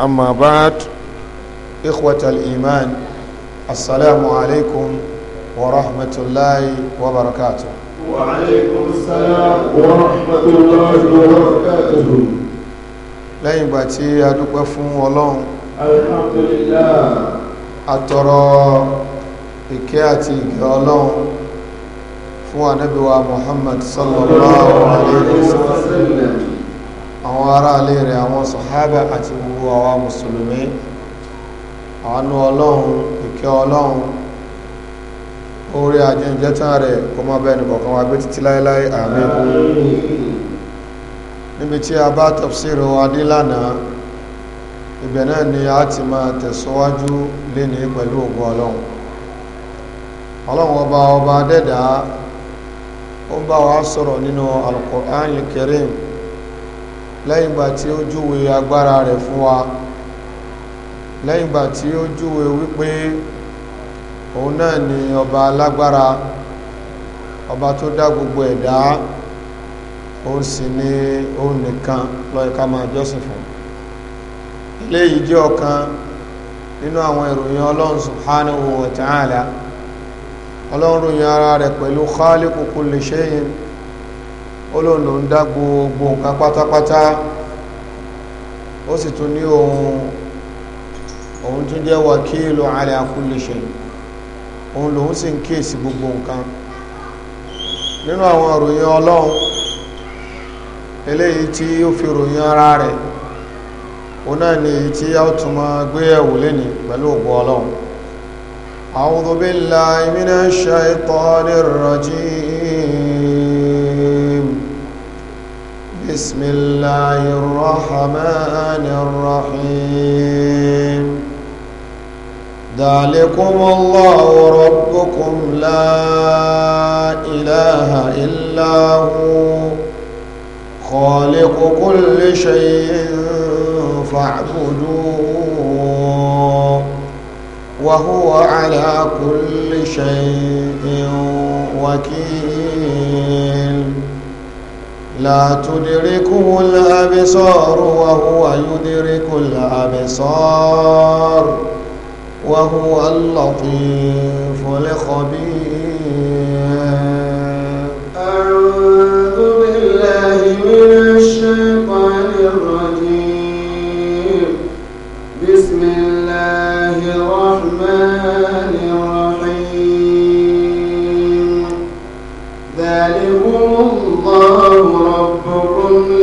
أما بعد إخوة الإيمان السلام عليكم ورحمة الله وبركاته وعليكم السلام ورحمة الله وبركاته lẹ́yìn ìgbà tí a dúpẹ́ fún ọlọ́run alhamdulillah àtọrọ ìkẹ́ àti ìgẹ́ ọlọ́run fún ànábì wa muhammad sallallahu alayhi wa sallam àwọn ará ilé rẹ̀ àwọn sàhábà àti gbogbo àwa mùsùlùmí àánú ọlọ́run ìkẹ́ ọlọ́run orí àjẹjẹta rẹ̀ kó má bẹ́ẹ̀ nìkọ̀kan wa gbé títí láíláí àmín níbi tí a bá wa dé lánàá náà ni a ti máa tẹ̀síwájú léni pẹ̀lú ògbó ọlọ́run ọlọ́run ọba ọba dẹ́dàá ó bá wa sọ̀rọ̀ nínú lẹ́yìn ìgbà tí ó júwe agbára rẹ̀ fún wa lẹ́yìn ìgbà tí ó júwe wípé òun náà ni ọba alágbára ọba tó dá gbogbo ẹ̀dá òun sì ni òun nìkan ló máa jọ́sìn fún eléyìí jẹ́ ọ̀kan nínú àwọn ìròyìn ọlọ́run subhanahu wa ta'ala ọlọ́run ròyìn ara rẹ̀ pẹ̀lú khaliqu kulli shay'in olóòlù ń dá gbogbo nǹkan pátápátá ó sì tún ní ohun òun tún jẹ́ wàkílù ala kulli shay òun lòun sì ń kíyèsí gbogbo nǹkan nínú àwọn ìròyìn ọlọ́run eléyìí tí ó fi ròyìn ara rẹ̀ òun náà ni èyí tí a tún máa gbé ẹ̀wò lénìí pẹ̀lú ògbó ọlọ́run a'udhu billahi minash shaitanir rajim بسم الله الرحمن الرحيم ذلكم الله ربكم لا إله إلا هو خالق كل شيء فاعبدوه وهو على كل شيء وكيل لا تدركه الأبصار وهو يدرك الأبصار وهو اللطيف الخبير أعوذ بالله من الشيطان الرجيم بسم الله الرحمن الرحيم ذلكم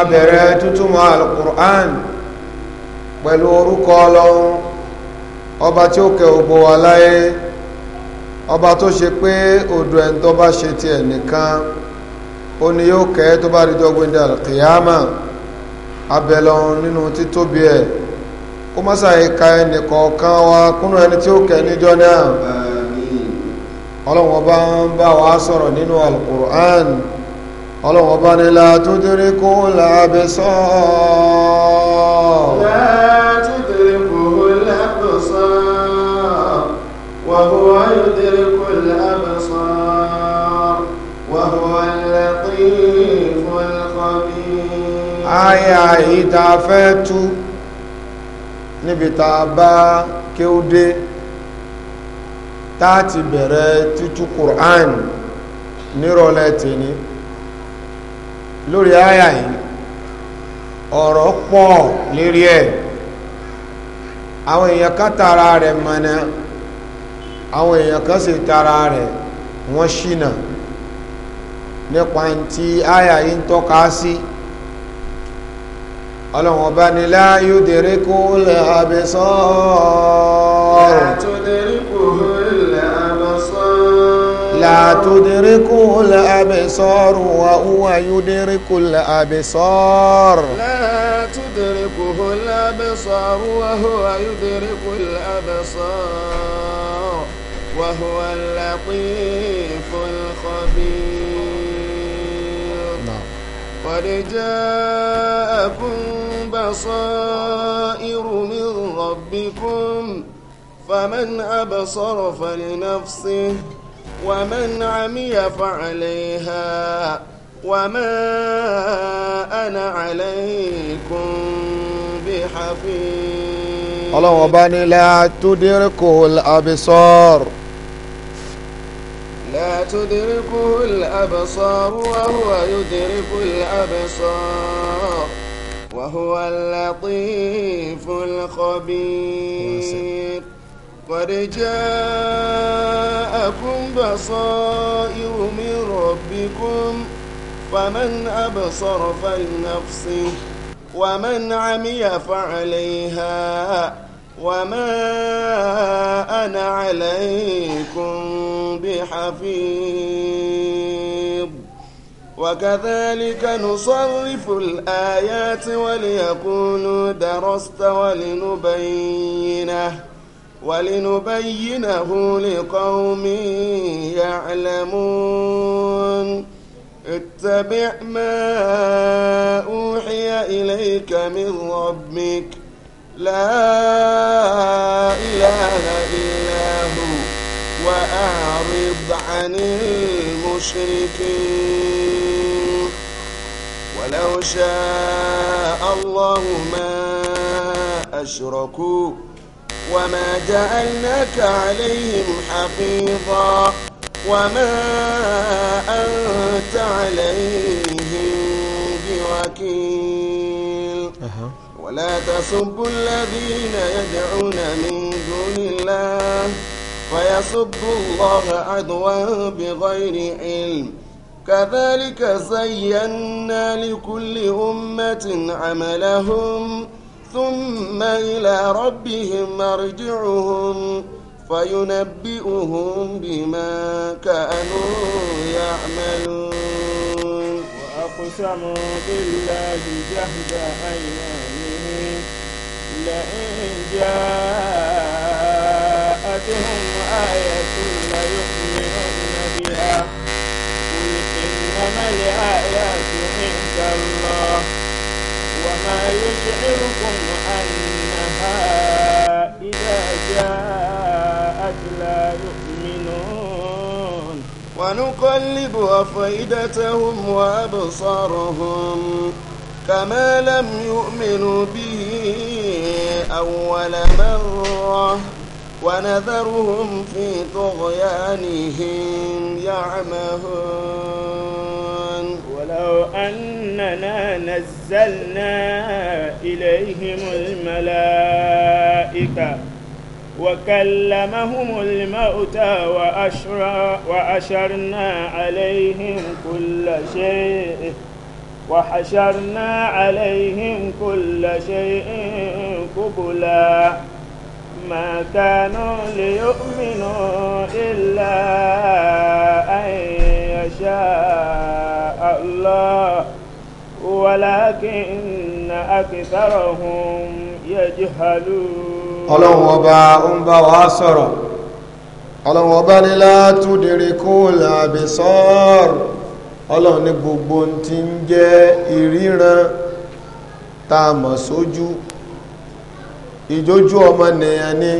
abẹ̀rẹ̀ tútùmọ̀ alukur'an pẹ̀lú orúkọ ọlọ́run ọba tí ó kẹ ògbó wa láyé ọba tó ṣe pé odò ẹni tó bá ṣe tiẹ̀ nìkan ó ní yóò kẹ́ tó bá ríjọ́ gbẹ̀dẹ̀ alkiyama abẹ́lọ́run nínú títóbi ẹ̀ kó má ka ẹnì kọ̀ọ̀kan wa kúnnú ẹni tí ó kẹ níjọ́ náà ọlọ́run ọba ń bá wa sọ̀rọ̀ nínú alukur'an. ọlọ́wọ́ bá ní látúndírí kó lábẹ́ sọ́ látúndírí kó lábẹ́ sọ́ wà hùwà yóò dírí kó lábẹ́ sọ́ wà hùwà lẹ́tí ìta fẹ́ tú níbi tá bá kéwúdé tá a ti bẹ̀rẹ̀ títú Qur'an nírọ̀lẹ́ tèmi lórí àyà yìí ọ̀rọ̀ pọ̀ lérí ẹ̀ àwọn èèyàn kan tara rẹ̀ mọ̀nà àwọn èèyàn kan sì tara rẹ̀ wọ́n ṣìnà nípa tí àyà yìí ń tọ́ka sí ọlọ́run ọba ni la yudrikul absar. la tudrikuhu لا تدركه الأبصار وهو يدرك الأبصار لا تدركه الأبصار وهو يدرك الأبصار وهو اللطيف الخبير نعم. قد جاءكم بصائر من ربكم فمن أبصر فلنفسه ومن عمي فعليها وما أنا عليكم بحفيظ ọlọ́run ọba ní لا تدركه الأبصار لا تدركه الأبصار وهو يدرك الأبصار وهو اللطيف الخبير قد جاءكم بصائر من ربكم فمن أبصر فلنفسه ومن عمي فعليها وما أنا عليكم بحفيظ وكذلك نصرف الآيات وليكونوا درست ولنبينه ولنبينه لقوم يعلمون اتبع ما أوحي إليك من ربك لا إله إلا هو وأعرض عن المشركين ولو شاء الله ما أشركوا وما جعلناك عليهم حفيظا وما أنت عليهم بوكيل ولا تسبوا الذين يدعون من دون الله فيسبوا الله عدوا بغير علم كذلك زينا لكل أمة عملهم ثم إلى ربهم مرجعهم فينبئهم بما كانوا يعملون وأقسموا بالله جهد أيمانهم لئن جاءتهم آية ليؤمنن بها قل إنما الآيات عند الله يشعركم أنها إذا جاءت لا يؤمنون ونقلب أفئدتهم وأبصارهم كما لم يؤمنوا به أول مرة ونذرهم في طغيانهم يعمهون أننا نزلنا إليهم الملائكة وكلمهم الموتى وأشر وأشرنا عليهم كل شيء وحشرنا عليهم كل شيء قبلا ما كانوا ليؤمنوا إلا أن يشاء الله ولكن أكثرهم يجهلون ọlọ́run ọba ó ń bá wa sọ̀rọ̀ ọlọ́run ọba ní látúndìrí kó làbí sọ́ọ̀rù ọlọ́run ní gbogbo tí ń jẹ́ ìríran tá a mọ̀ sójú ìjójú ọmọ nìyẹn ni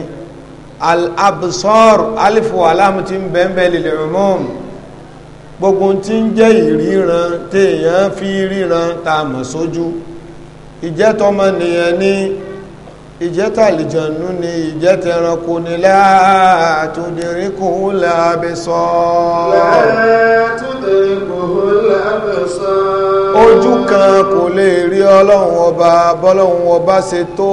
al-absor alifu alam ti ń bẹ́ẹ̀ bẹ́ẹ̀ lè lè rùmọ́ọ̀mù gbogbo tí ń jẹ́ ìríran téèyàn fi ríran tá a mọ̀ sójú ìjẹ́tọmọnìyàn ní ìjẹ́tàlìjànú ni ìjẹ́tẹranko ni látúndínrínkùn lábẹ́sọ́ ojú kan kò lè rí ọlọ́run ọba bọ́lọ́run ọba ṣe tó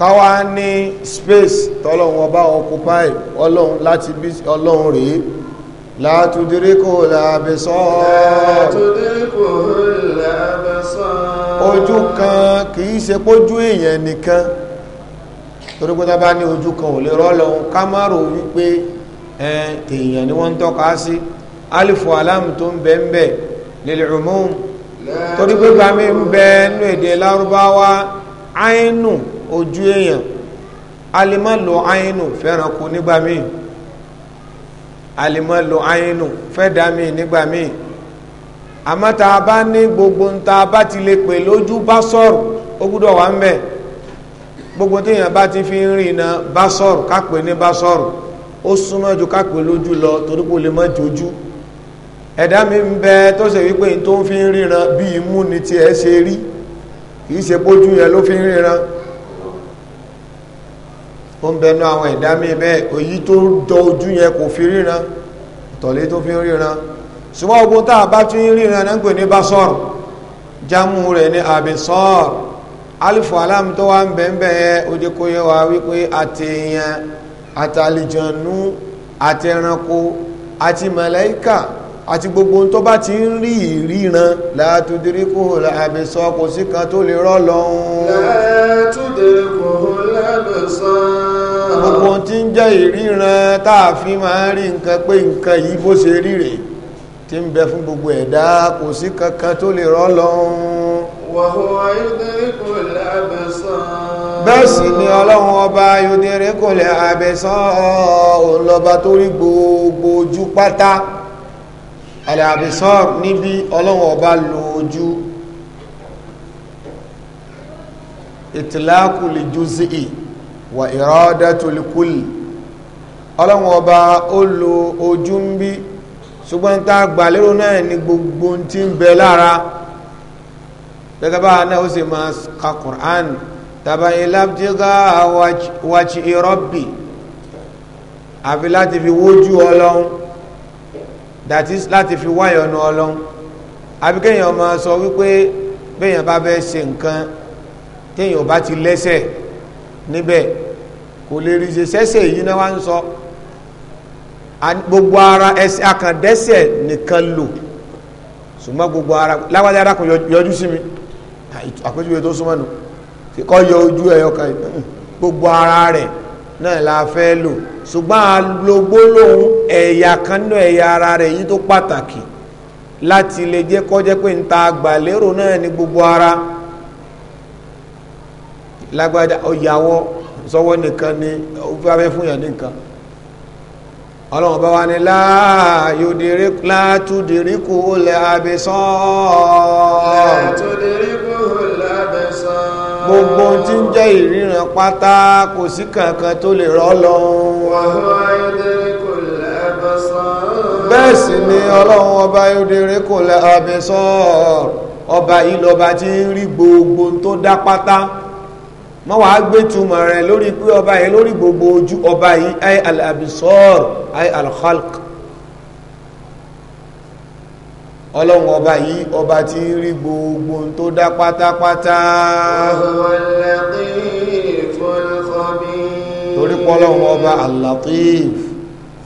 káwá ní space tọ́lọ́run ọba occupy ọlọ́run láti bí ọlọ́run rèé لا تدركه الأبصار لا تدركه الأبصار ojú kan kìí ṣe pójú èèyàn nìkan torí pé tábà ní ojú kan ò lè rọ́lọ́ kámárò wípé tèèyàn ni wọ́n ń tọ́ka sí alifu alam tó ń bẹ ń bẹ lil umum torí pé gbàmí ń bẹ nínú èdè lárúbáwá àínú ojú èèyàn alimọ́lò àínú fẹ́ranko nígbàmíì alimọ ayinu fẹ da mi nígbà mi amata bá ní gbogbo nta bá ti lè pè lójú bá sọ̀rọ̀ ó gbúdọ̀ wà ń gbogbo téèyàn bá ti fi ń rìn iná bá sọ̀rọ̀ ká pè ní bá sọ̀rọ̀ ó súnmọ́ ju ká lójú lọ torí kò lè mọ́ jojú ẹ̀dá mi ń bẹ tó ṣe wípé n tó ń fi ń ríran bí imú ni tiẹ̀ ṣe rí kì í ṣe bójú yẹn ló fi ń ríran ó ń bẹnu àwọn ìdámé bẹ́ẹ̀ èyí tó jọ ojú yẹn kò fi ríran tọ̀lé tó fi ríran ṣùgbọ́n ogun tá a bá tún ríran náà ń pè ní basọ́ọ̀rù jámù rẹ̀ ní àbẹ̀sọ́ọ̀rù alifu alam tó wà ń bẹ̀ẹ̀bẹ̀ yẹn ó jẹ́ kó yẹ wá wípé àtẹ̀yàn àtàlìjànú àtẹranko àti màláíkà àti gbogbo tó bá ti ń rí ìríran látúndírí kò lábẹ̀sọ́ kò sí kan tó lè rọ́ lọ́hún látúndírí kò lábẹ̀sọ́ gbogbo tí ń jẹ́ ìríran táà fi máa rí nǹkan pé nǹkan yìí bó ṣe rí rèé tí ń bẹ fún gbogbo ẹ̀dá kò sí kankan tó lè rọ́ lọ́hun bẹ́ẹ̀ sì ni ọlọ́run ọba yóò kò lè àbẹ̀sán ọlọ́ba tó rí gbogbo ojú pátá alẹ́ àbẹ̀sán níbi ọlọ́run ọba lo ojú ìtìlákùlì jùzìí wà iradatul kull ọlọ́run ọba ó lo ojú ń bí ṣùgbọ́n tá a gbà lérò náà ni gbogbo tí ń bẹ lára gẹ́gẹ́ bá a náà ó sì máa ka Qur'an tàbáyé lábdígá wàchí irọ́bì àfi láti fi wójú ọlọ́run that láti fi wáyọ̀nù ọlọ́run àbí kéèyàn sọ wípé béèyàn bá fẹ́ ṣe nǹkan téèyàn bá ti lẹ́sẹ̀ẹ́ níbẹ̀ kò lè rí ṣe sẹ́sẹ̀ yìí náà wá ń sọ gbogbo ara ẹsẹ̀ akàndẹ́sẹ̀ nìkan lò ṣùgbọ́n gbogbo ara láwájá arákùn yọjú sí mi àpéjúwe tó súnmọ́ nù kọ́ yọ ojú ẹ̀yọ kan gbogbo ara rẹ̀ náà la fẹ́ lò ṣùgbọ́n alogbolóhun ẹ̀yà kan náà ẹ̀yà ara rẹ̀ yìí tó pàtàkì láti lè jẹ́ kó jẹ́ pé ń ta àgbàlérò náà ní gbogbo ara lágbádá ọ̀yàwó sọ́wọ́ nìkan ni ó fẹ́ fún yàn nìkan ọlọ́run bá wá ní látúdìríkù olè abẹ́sán gbogbo tí ń jẹ́ ìríran pátá kò sí kankan tó lè rọ́ lọ bẹ́ẹ̀ sì ni ọlọ́run ọba yóòdìríkù olè abẹ́sán ọba yìí tí ń rí gbogbo tó dá pátá mọ́ wàá gbé túmọ̀ rẹ̀ lórí pé ọba yìí lórí gbogbo ojú ọba yìí ay al-abisor ay al-khalq ọlọ́run ọba yìí ọba tí ń rí gbogbo ohun tó dá pátápátá torí pọ́lọ́run ọba al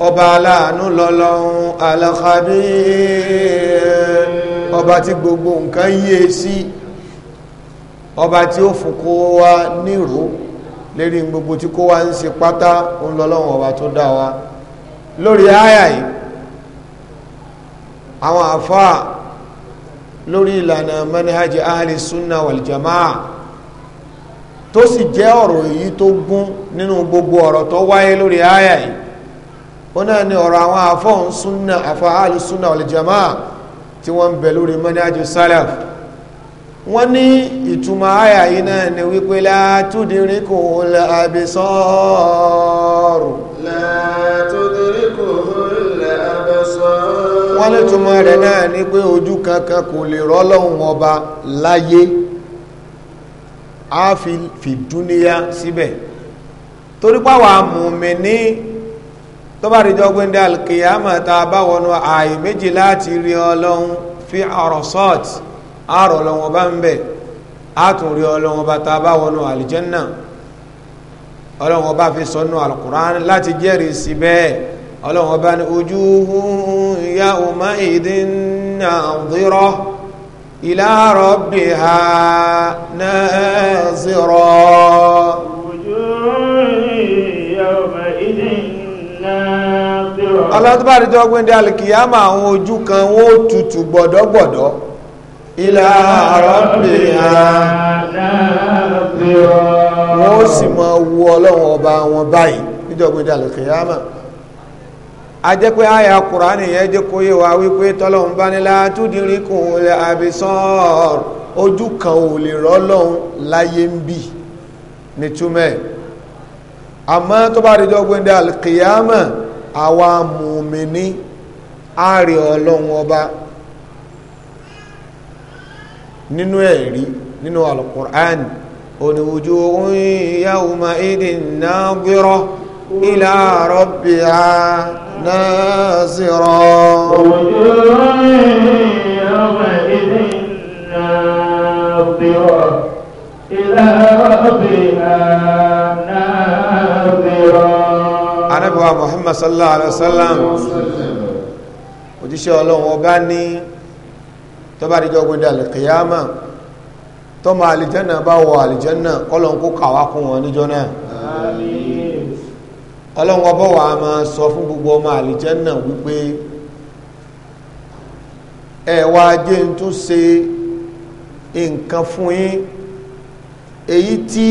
ọba aláàánú lọ́lọ́run al hmm. ọba tí gbogbo nǹkan yíye sí. Si ọba tí ó fún kó wá nírò lérí gbogbo tí kó ń pátá ó ọba tó dá wa lórí àyà yìí àwọn àfáà lórí ìlànà manhaji ahli sunna wal jamaa tó sì jẹ́ ọ̀rọ̀ èyí tó gún nínú gbogbo ọ̀rọ̀ tó wáyé lórí àyà yìí ó náà ni ọ̀rọ̀ sunna salaf wọ́n ní ìtumọ̀ àyà yìí náà ni wípé látúdírí kò lábí sọ́ọ̀rù látúdírí kò lábí sọ́ọ̀rù wọ́n ní túmọ̀ rẹ̀ náà ni pé ojú kankan kò lè rọ́lọ́hun ọba láyé a fi fìdúníyá síbẹ̀ torí mùmí ní tó bá ríjọ gbẹ́ndẹ́ alkiyama ta bá wọnú ààyè láti rí ọlọ́hun fi àrọ̀sọ́ọ̀tì àárọ̀ ọlọ́wọ́n bá ń bẹ̀ àtúnrí ọlọ́wọ́n bá ta bá wọnú àlìjẹ́nà ọlọ́wọ́n bá fi sọnù alukur'an láti jẹ́rìí sí bẹ́ẹ̀ ọlọ́wọ́n bá ní ojú ya ọmọ ìdínà ọ̀dírọ́ ila rabbiha nazira. ọlọ́dún bá rí dọ́gbìn dálì kìyàmà àwọn ojú kan wọ́n tutù gbọ̀dọ̀gbọ̀dọ̀ ilá àrọ́bìnrin wọ́n ó sì máa wo ọlọ́run ọba wọn báyìí níjọ̀gbìn dàlùkìyàmà ajẹ́ pé àyà kùránì yẹn jẹ́ kó yé wa wípé tọ́lọ́run bá ní látúndínrínkùn àbísọ́ọ̀rù ojú kan ò lè rọ́lọ́run láyé ń bì nítúmẹ̀ àmọ́ tó bá rí jọgbìn dàlùkìyàmà àwa mùmíní àárẹ̀ ọlọ́run ọba nínú ẹ̀rí nínú alukur'an òní wujuhun yawma idin nadira ila rabbiha nazira. wujuhun yawma idin nadira ila rabbiha nazira. anabiwa muhammad sallallahu alaihi wa sallam ojúṣe ọlọ́run ọba ní tó bá dijọ́ gbé dalẹ̀ kìyàmà tọ́mọ àlìjẹ́nà bá wọ àlìjẹ́nà ọlọ́run kó kàwá kún wọn níjọ́ náà ọlọ́run ọbọ̀ wa máa sọ fún gbogbo ọmọ àlìjẹ́nà wípé ẹ̀wà ajé ń tún ṣe nǹkan fún yín èyí tí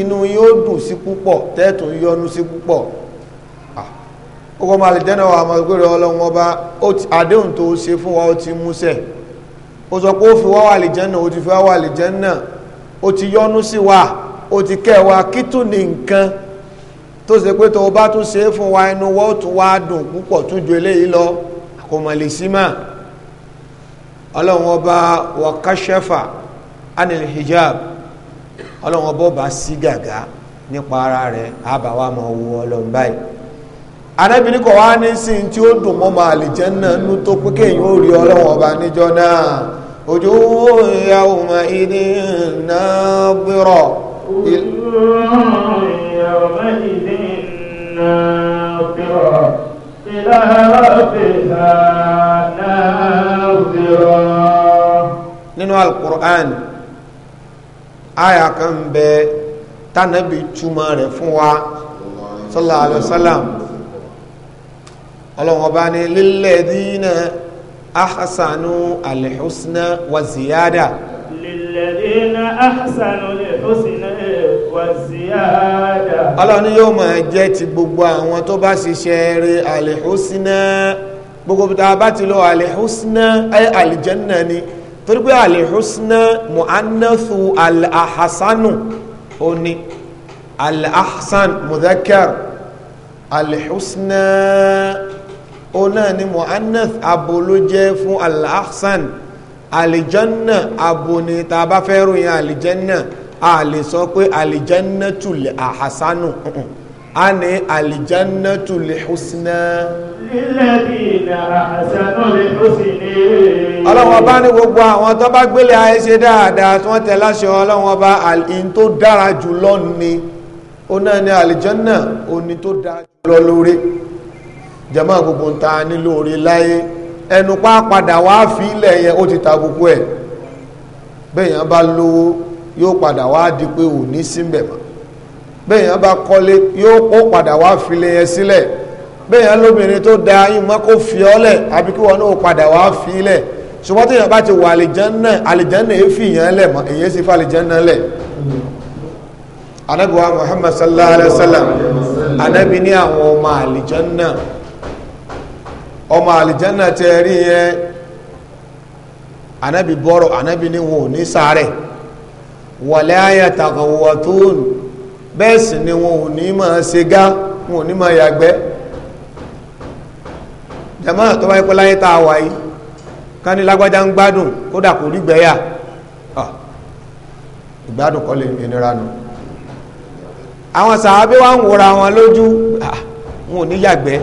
inú yín ó dùn sí púpọ̀ tẹ́ẹ̀tún yọnu sí púpọ̀ ọgbọ́n àlìjẹ́nà wa máa gbé ọlọ́run ọba àdéhùn tó ṣe fún wa ó ti múṣẹ ó sọ pé ó fi wá wà lè jẹ́nà ó ti fi wá wà lè jẹ́nà ó ti yọ́nú sí wa ó ti kẹ́ wa kí tún ní nǹkan tó ṣe pé tó o bá tún ṣe é fún wa inú wa tún wá dùn púpọ̀ tún ju eléyìí lọ kò sí mà ọlọ́run ọba wakashefa anil hijab ọlọ́run ọba ọba sí gàgà nípa ara rẹ̀ àbáwá máa wo ọlọ́run báyìí arábìnrin kọ̀ wá ní sí tí ó dùn mọ́ máa lè jẹ́ náà nú tó pé kéèyàn ó rí ọlọ́run ọba níjọ́ náà. وجوه يومئذ ناظرة يومئذ ناظرة إلى ربها ناظرة nínú alukur'an aya kan bẹ tanabi túmọ̀ rẹ̀ fún wa sallallahu alaihi wa sallam ọlọ́wọ́n bá ní lílẹ̀ dínà ahsanu alihusna wa ziyada. lilladina ahsanu alihusna wa ziyada. ọlọ́run yóò máa jẹ́ ti gbogbo àwọn tó bá ṣiṣẹ́ rere alihusna gbogbo bí ta bá ti lọ alihusna ẹ alijanna ni torí pé alihusna mu'annathu alahasanu ó ní alahasan mudhakkar alihusna òun náà ni muannath abo ló jẹ́ fún al-ahsan alijanna abo ni tá a bá fẹ́ ròyìn alijanna a lè sọ pé alijanna tulẹ̀ ahasanu a ní alijanna tulẹ̀ husna. lilladhina ahsanu al-husna. ọlọ́wọ́n bá ní gbogbo àwọn tó bá gbélé ayé ṣe dáadáa tí wọ́n tẹ̀ láṣẹ ọlọ́wọ́n bá àlìn tó dára jù lọ ni ó náà alijanna òní tó dára jù lọ lórí. jẹmọ́ gbogbo ta nílò orí láyé ẹnupá padà wá fi ilẹ̀ yẹn ó ti ta gbogbo ẹ̀ bá lówó yóò padà wá di pé ò ní síbẹ̀ mọ́ bá kọ́lé yóò ó padà wá filẹ̀ yẹn sílẹ̀ bẹ́ẹ̀yàn lóbìnrin tó da ìmọ̀ kó fi ọlẹ̀ àbí kí wọn padà wá fi ilẹ̀ wà àlìjánná àlìjánná lẹ̀ mọ́ èyí sì fa àlìjánná lẹ̀ ọmọ àlìjánà tẹ rí yẹn anabi bọ́rọ̀ anabi ni wọn ò ní sáré wàlẹ́ ayé tàkàwọ̀ tó nù bẹ́ẹ̀ sì ni wọn ò ní máa ṣe gá wọn ò ní máa yàgbẹ́ jama tó bá yẹ kó láyé tá a wà yìí ká ní lágbájá ń gbádùn kódà kò rí gbẹ́yà ìgbádùn kọ́ lè nira nù àwọn sàábé wa ń wòra wọn lójú wọn ò ní yàgbẹ́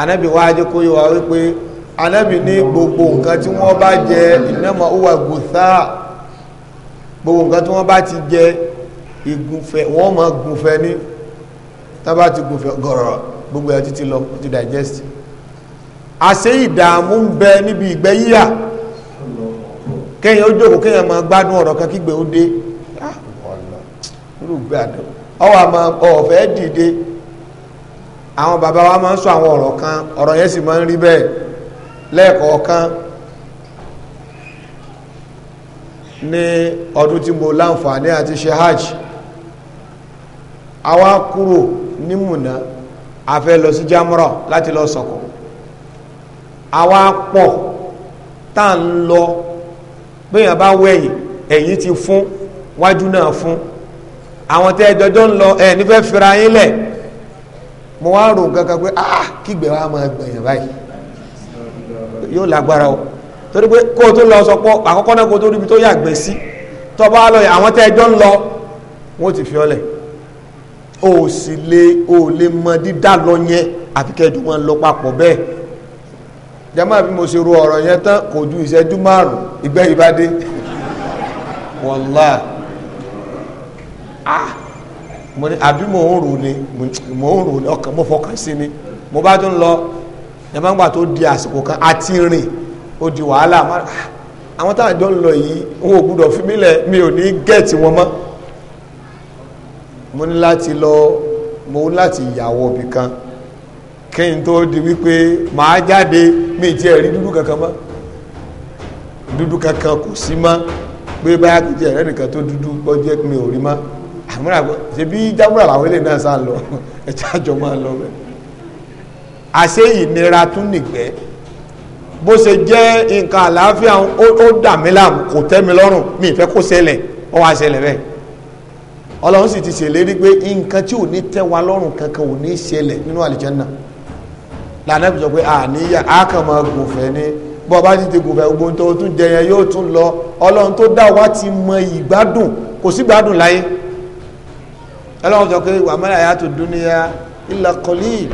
anábì wá jẹ́ kó yé wa wípé anábì gbogbo nkan ti won ba jẹ ìnáma uwa wà gbogbo nkan ti won ba ti jẹ won ma máa ni ní ba ti gbogbo ya titi lo ti digest a se ń bẹ níbi ìgbẹ́ yíyà kéèyàn ó jókòó kéèyàn máa gbádùn ọ̀rọ̀ kan kígbe ó dé ọwọ́ àmọ́ ọ̀fẹ́ dìde àwọn baba wa máa ń sọ àwọn ọ̀rọ̀ kan ọ̀rọ̀ yẹn sì máa ń rí bẹ́ẹ̀ lẹ́ẹ̀kọ̀ọ̀kan ní ọdún tí mo láǹfààní àti ṣe hajj àwa kúrò ní Mùnà a fẹ́ lọ sí Jamra láti lọ sọ̀kọ̀ àwa pọ̀ tá à ń lọ bẹ́yàn bá wẹ̀yìn ẹ̀yìn ti fún wájú náà fún àwọn tẹ́ ẹjọ́jọ́ ń lọ ẹ̀ nífẹ̀ẹ́ fira yín lẹ̀ mo wá rò nǹkan pé ah kígbe wa máa gbẹ̀yìn báyìí yóò lágbára o torí pé kó o tó lọ sọpọ àkọ́kọ́ náà kó o tó ríbi tó yàgbẹ́ sí tọba lọ yà àwọn tẹ́ ẹjọ́ ń lọ wọn ò ti fi ọlẹ̀ o ò sì lè o ò lè mọ dídá lọ yẹn àfi kẹjú wọn lọ papọ̀ bẹ́ẹ̀ jama bí mo ṣe ro ọ̀rọ̀ yẹn tán kò ju ìṣẹ́jú márùn ìgbẹ́ ìbádé wàlá ah mo ní àbí mò ń rò ni mò ń rò ni ọkàn mo fọkàn sí ni mo bá tún lọ yàmàgbà tó di àsìkò kan àti rìn ó di wàhálà ah, àwọn táwọn àjọ ń lọ yìí wọn ò gbúdọ̀ fi mí lẹ̀ mi ò ní gẹ̀ẹ́tì wọn mọ́ mo ní láti lọ mo ní láti yàwọ̀ bì kan kí n tó di wípé màá jáde mi ti ẹ̀rí dúdú kankan mọ́ dúdú kankan kò sí mọ́ pé báyà kìí ẹ̀rẹ́ nìkan tó dúdú gbọ́jú ẹ̀ mi ò rí mọ́ àmúra ṣe bí jábúrà làwọn ilé náà sáà lọ ẹ̀jẹ̀ àjọ máa lọ bẹ́ẹ̀ àṣé ìnira tún nìgbẹ́ bó ṣe jẹ́ nǹkan àlàáfíà ó dà mí láàmú kò tẹ́ mi lọ́rùn mi ìfẹ́ kó ṣẹlẹ̀ ó wá ṣẹlẹ̀ bẹ́ẹ̀ ọlọ́run sì ti ṣèlérí pé nǹkan tí ò ní tẹ́ wa lọ́rùn kankan ò ní ṣẹlẹ̀ nínú àlìjẹ́nà lànà ìbùsọ̀ pé àníyàn á kàn máa gùnfẹ́ ní bọ́ bá ti ti gùnfẹ́ gbogbo tó tún jẹyẹ yóò tún lọ ọlọ́run tó dá wa ti mọ ìgbádùn kò sí gbádùn láyé ọlọ́run sọ pé wàmọ́lá yà tó dúníyà illa qalil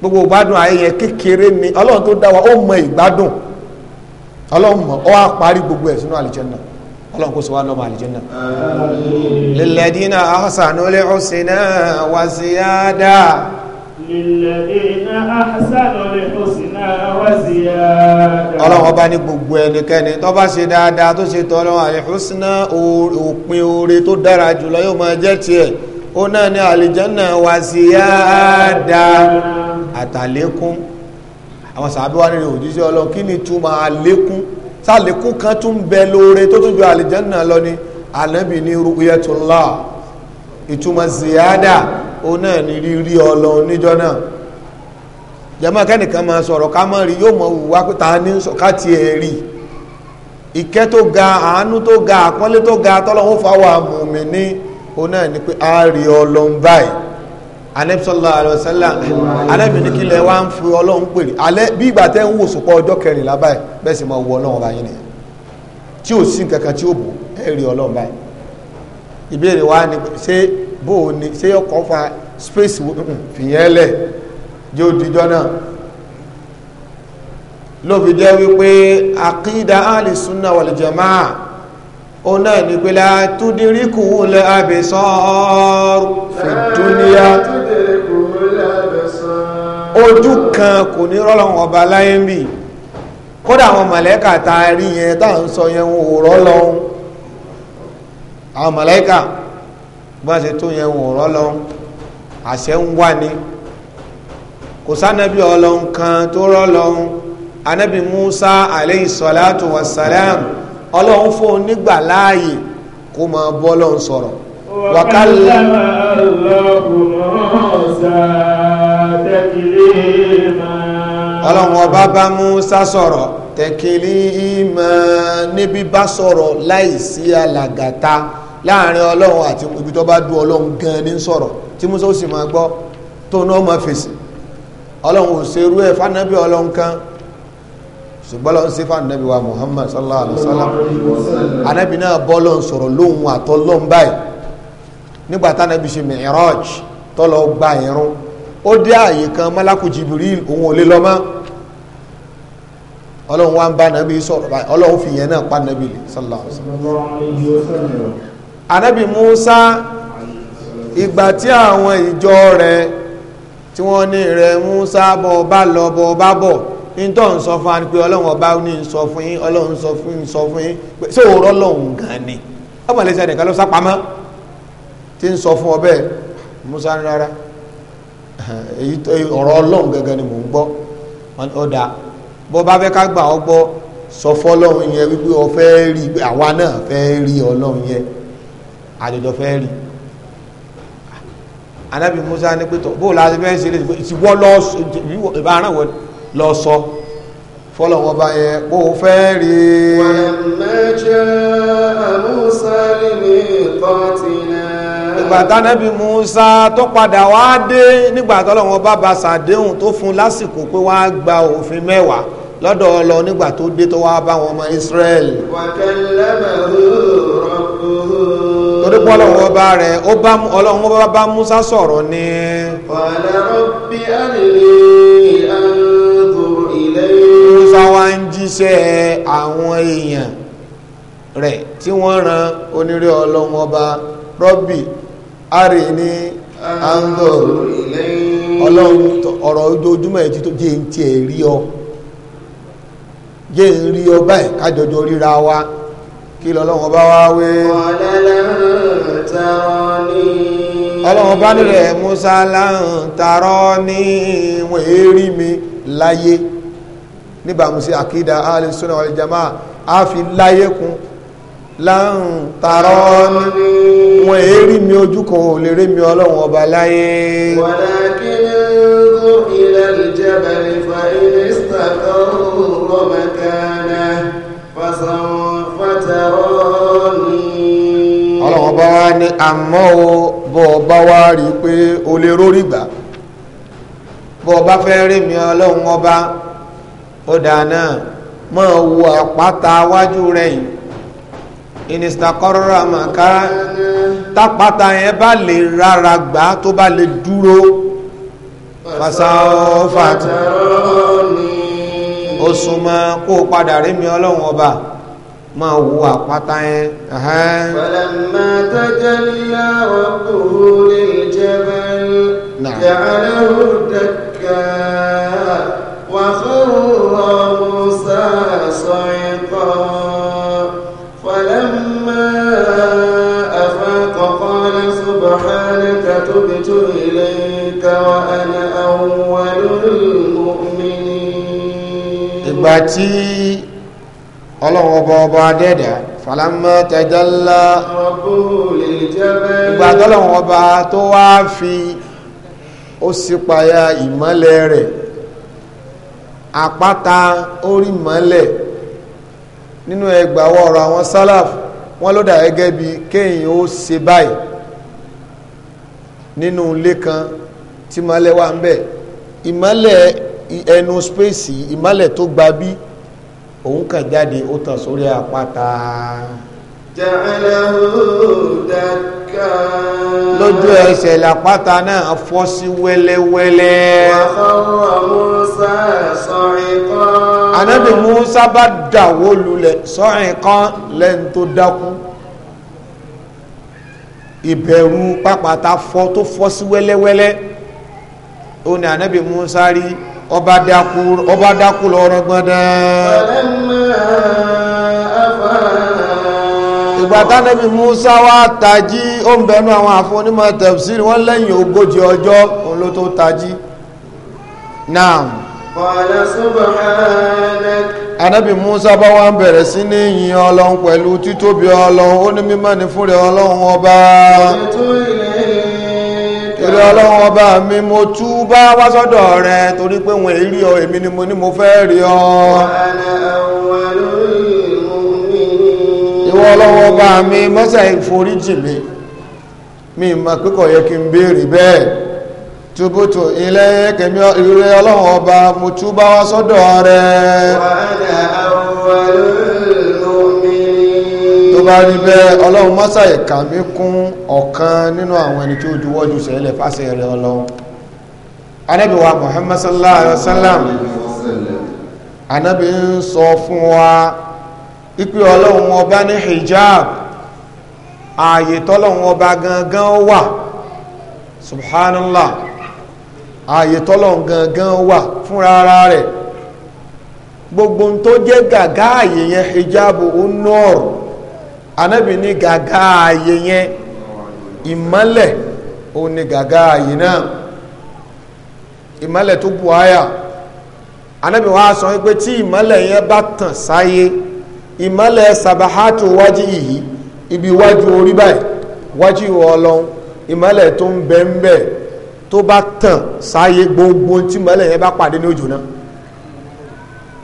gbogbo ìgbádùn ayé yẹn kékeré ni ọlọ́run tó dá wa ó mọ ìgbádùn ọlọ́run mọ̀ ọ́ á parí gbogbo ẹ̀ sínú àlìjẹ́nà ọlọ́run kò sọ wá lọ́mọ àlìjẹ́nà. lilladina ahsanu lihusna wa ziyada. lilladina ahsanu lihusna ọlọ́run ọba ní gbogbo ẹnikẹ́ni tó bá ṣe dáadáa tó ṣe tọ́lọ́run àyẹ̀húsínà òpin oore tó dára jùlọ yóò máa jẹ́ tiẹ̀ ó náà ní àlìjánà wá sí yáàdá àtàlékún àwọn sàábí wá nílé òjíṣẹ́ ọlọ́ kí ni túmọ̀ àlékún sàlékún kan tún bẹ lóore tó tún ju àlìjánà lọ ni ànábì ní rúkúyẹ́tùnlá ìtumọ̀ ziyada ó náà ní rírí ọlọ́run níjọ náà jẹ́mọ́ kẹ́nìkan máa sọ̀rọ̀ ká mọ́ rí yóò mọ̀ wùwá pé ta ní sọ ká tiẹ̀ rí ìkẹ́ tó ga àánú tó ga àpọ́nlé tó ga tọ́lọ́hún fáwọn àmùmí ní òun náà ni pé a rí ọlọ́run báyìí anẹ́bísọ́lá àlọ́sẹ́lá anẹ́bìnrin kílẹ̀ wá ń fi ọlọ́run pèrè alẹ́ bí ìgbà tẹ́ ń wò sùpọ̀ ọjọ́ kẹrìnlá báyìí bẹ́ẹ̀ sì máa wọ ọlọ́run ọba nìyẹn tí ò sí nǹkan tí ó bò ẹ rí ọlọ́run báyìí ìbéèrè wa ni ṣé bó o ṣé ọkọ̀ fa space fìyẹn lẹ̀ yóò dìjọ́ náà ló fi jẹ́ wípé àkídà alìsúnà wàlìjẹ̀má ó náà ní pé látúndíríkù lẹ́ àbẹ̀sọ́ọ̀rù fìdúníà ojú kan kò ní rọ́lọ́wọ́ ọba láyé ń kódà àwọn ta rí yẹn tá à ń sọ yẹn wọn ò kò sánàbí ọlọ́run kan tó rọ́lọ́run anábì musa aleyhi salatu wa salam ọlọ́run fún nígbà láàyè kó máa bọ́ lọ́run sọ̀rọ̀ wàkálà ọlọ́run ọba bá musa sọ̀rọ̀ tẹ̀kìlì ìmọ̀ níbi bá sọ̀rọ̀ láìsí alàgàtà láàrin ọlọ́run àti ibi tó bá dùn ọlọ́run gan ní sọ̀rọ̀ tí musa ó sì máa gbọ́ tó náà máa fèsì ọlọ́run ò ṣerú ẹ̀ fánàbí ọlọ́run kan ṣùgbọ́n lọ́n sí fánàbí wa muhammad sallallahu alayhi wa sallam anábì náà bọ́lọ̀ ń sọ̀rọ̀ lóhun àtọ́lọ́n báyìí nígbà tánábì ṣe mi'raj tọ́lọ́ gba ìrun ó dé àyè kan malaku jibril òun ò lè lọ mọ́ ọlọ́run wa ń bá nàbí sọ̀rọ̀ báyìí ọlọ́run fi yẹn náà pa nàbí sallallahu alayhi wa sallam anábì musa ìgbà tí àwọn ìjọ rẹ̀ tí wọ́n ní rẹ̀ Musa bọ̀ bá lọ bọ̀ bá bọ̀ nítọ́ ń sọ fún wa pé ọlọ́run ọba ní sọ fún yín ọlọ́run sọ fún yín sọ fún yín pé ṣé òórọ́ lọ́hùn gan ni ọmọ ìlẹ́sẹ̀ nìkan ló sápamọ́ tí ń sọ fún ọ bẹ́ẹ̀ Musa ní rárá èyí ọ̀rọ̀ ọlọ́run gangan ni mò ń gbọ́ ọ̀dà bọ́ bá fẹ́ ká gbà ọ́ gbọ́ sọ fọ́lọ́run yẹn wípé ọ fẹ́ rí àwa náà fẹ́ rí ọlọ́run yẹn àjọjọ fẹ́ rí anabi musa ní pé tọ bó o láti fẹ́ ṣe lè ti wọ́ lọ ìbáràn wọ lọ sọ fọlọ́wọ́ bá yẹ kó o fẹ́ rí i. wàlámẹ́jẹ́ àmúṣá lè ní ìtọ́tìlẹ̀. ìgbà musa tó padà wá dé nígbà tọ́lọ́wọ́ bá sàdéhùn tó fún lásìkò pé wọ́n gba òfin mẹ́wàá lọ́dọ̀ ọlọ nígbà tó dé tó wá bá wọn ọmọ israẹli. wàkẹ́lẹ́ bẹ̀rù rọ̀kùrù. pé ọlọ́run ọba rẹ̀ ó bá ọlọ́run ọba bá Musa sọ̀rọ̀ ni. Musa wá ń jíṣẹ́ àwọn èèyàn rẹ̀ tí wọ́n ran onírè ọlọ́run ọba rọ́bì arini anzur ilé ọlọ́run ọ̀rọ̀ ojoojúmọ́ ẹ̀ tó jẹ́ ń tiẹ̀ rí ọ jẹ́ ń rí ọ wa. kí lọ́lọ́wọ́ bá wá wé ọlọ́wọ́ bá nílẹ̀ Musa láhùn tààrọ ní ìwọ̀n èrí mi láyé níbàmú sí àkídà alìsúnà wal jamaa a fi láyé kún láhùn tààrọ ní ìwọ̀n èrí mi ojú kan ò lè rí mi ọlọ́wọ́ ọba láyé walakin ọlọ́run ọba wa ní àmọ́ o bọ́ ọba wa rí pé o lè rórí gbà bọ́ ọba fẹ́ rí mi ọlọ́run ọba ó dáná mọ́ wo àpáta wájú rẹ̀ yìí ìnìsìtàkọ́rọ́rọ́ àmàká tápáta yẹn bá lè rárá gbà tó bá lè dúró fasáfàtì ó súnmọ́ kó padà rí mi ọlọ́run ọba máa wo àpáta yẹn. Falamma tajalla rabbuhu liljabal ja'alahu dakka wa kharra Musa sa'iqa falamma afaqa qala subhanaka tubtu ilayka wa ana awwalul mu'minin. Ìgbà tí ọlọ́run ọba ọba adẹ́dà falamma tajalla ìgbà tọ́lọ́run ọba tó wá fi ó sípayá ìmọ́lẹ̀ rẹ̀ àpáta orí mọ́lẹ̀ nínú ẹgbàwọ́ ọ̀rọ̀ àwọn sálàf wọ́n ló dà gẹ́gẹ́ bí kéèyàn ó ṣe báyìí nínú ilé kan tí mọ́lẹ̀ wà ń bẹ ìmọ́lẹ̀ ẹnu spéèsì ìmọ́lẹ̀ tó gba bíi òun kàn jáde ó tàn sórí àpáta. ja'alahu dakka. lójú ẹsẹ̀ làpáta náà fọ́ sí wẹ́lẹ́wẹ́lẹ́. wa kharra Musa sa'iqan. ànábì Musa bá dàwó lulẹ̀ sa'iqan lẹ́nu tó dákú ìbẹ̀rù pápátá fọ́ tó fọ́ sí wẹ́lẹ́wẹ́lẹ́ ó ní ànábì Musa rí ọba dákú ọba dákú lọ́rọ̀ gbọ́dọ̀. ìgbà tánẹ́bí Musa wá tají ó ń bẹnu àwọn àfonímọ̀ tẹ̀síìrì wọ́n lẹ́yìn ogójì ọjọ́ òun ló tó tají náà. Anábì Musa bá wá ń bẹ̀rẹ̀ sí ní ìyìn Ọlọ́run pẹ̀lú títóbi Ọlọ́run ó ní mímọ́ ní fúnrẹ̀ Ọlọ́run ọba. Ètò ilẹ̀ ìrẹ́ ọlọ́run ọba mi mo bá wá sọ́dọ̀ rẹ torí pé wọn èrí ọ èmi ni mo ní mo fẹ́ rí ọ ìwọ ọlọ́run ọba mi mọ́sẹ̀ ìforíjì mi mi ma pẹ́kọ̀ yẹ kí n bèèrè bẹ́ẹ̀ tubutu ilẹ̀ kẹmí ìrẹ́ ọlọ́run ọba mo túbá wá sọ́dọ̀ rẹ wà á bá rí bẹ́ẹ̀ ọlọ́run mọ́sà ẹ̀ka mi kún ọ̀kan nínú àwọn ẹni tí ó juwọ́jú sẹ́lẹ̀ fásẹ̀ rẹ̀ ọlọ́run anábì wa Muhammad sallallahu alaihi wasallam anábì ń sọ fún wa ipe ọlọ́run ọba ní hijab ààyè tọ́lọ́run ọba gangan wà subhanallah ààyè tọ́lọ́run gangan wà fúnra ara rẹ̀ gbogbo tó jẹ́ gàgá ààyè yẹn hijabu onor anábì ní gàgá ààyè yẹn ìmọ́lẹ̀ ó ní gàgá ààyè náà ìmọ́lẹ̀ tó bu àyà anábì wa sọ pé tí ìmọ́lẹ̀ yẹn bá tàn sáyé ìmọ́lẹ̀ sàbáhátù wájú yìí ibi wájú orí báyìí wájú ìwọ ọlọ́run ìmọ́lẹ̀ tó ń bẹ ń bẹ tó bá tàn sáyé gbogbo tí ìmọ́lẹ̀ yẹn bá pàdé ní òjò náà